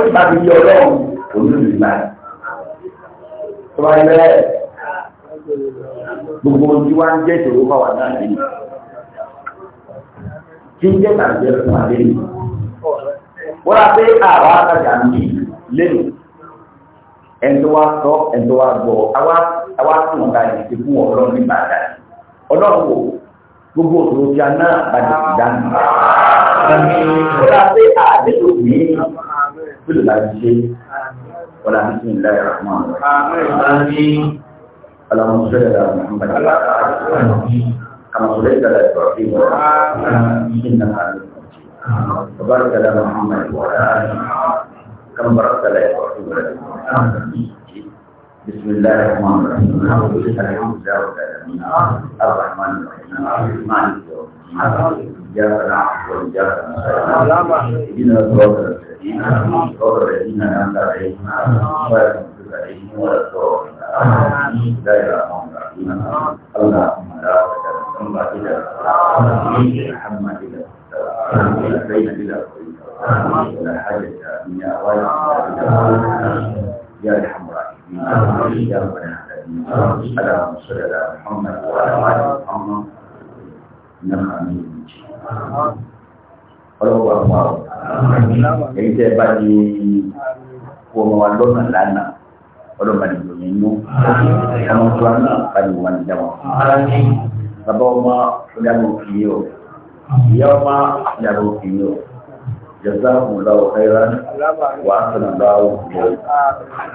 gbogbo tí wá ń jẹ́ ìṣòro bá wà náà lẹ́yìn tí ń jẹ́ tàbí fún wa lẹ́yìn wọ́n á pé àwa àtàjà ń bì lẹ́nu ẹ̀ńtọ́ wa sọ ẹ̀ńtọ́ wa gbọ́ àwa tún ọ̀gá ìdíje fún ọlọ́run ní bàdà ọlọ́run wò gbogbo òṣòro tí a náà bàjẹ́ sí wọ́n á pé àdéhùn mi fúlùlà ń ṣe wọ́n á ní sí ìlà ìrànwọ́ àwọn اللهم صل على محمد كما صليت على ابراهيم انك حميد مجيد وبارك على محمد وعلى ال محمد كما باركت على ابراهيم وعلى ال مجيد بسم الله الرحمن الرحيم الحمد لله رب العالمين الرحمن الرحيم مالك يوم الدين اياك نعبد واياك نستعين اهدنا الصراط المهتدين غفر الذين انعمت عليهم ولا تنزل عليهم ولا تضرهم لا يرحمهم رحيما اللهم لا تكلم الى محمد الى بين الى ولا حاجه الدنيا ولا يا ارحم الراحمين يا رب العالمين اللهم صل على محمد وعلى ال محمد انك حميد مجيد ọlọ́wọ́ àwọn àwọn èyí tẹ́ bá di ọmọ wa lọ́nà lánàá ọlọ́mọ ni yòóyìn nú ọmọ tó àná báyìí wọn ni dáwọn. bàbá ọmọ ìyàwó kì í o ìyá ọmọ ìyàwó kì í o jazakumullahu khairan wa sallallahu alaihi wa sallam.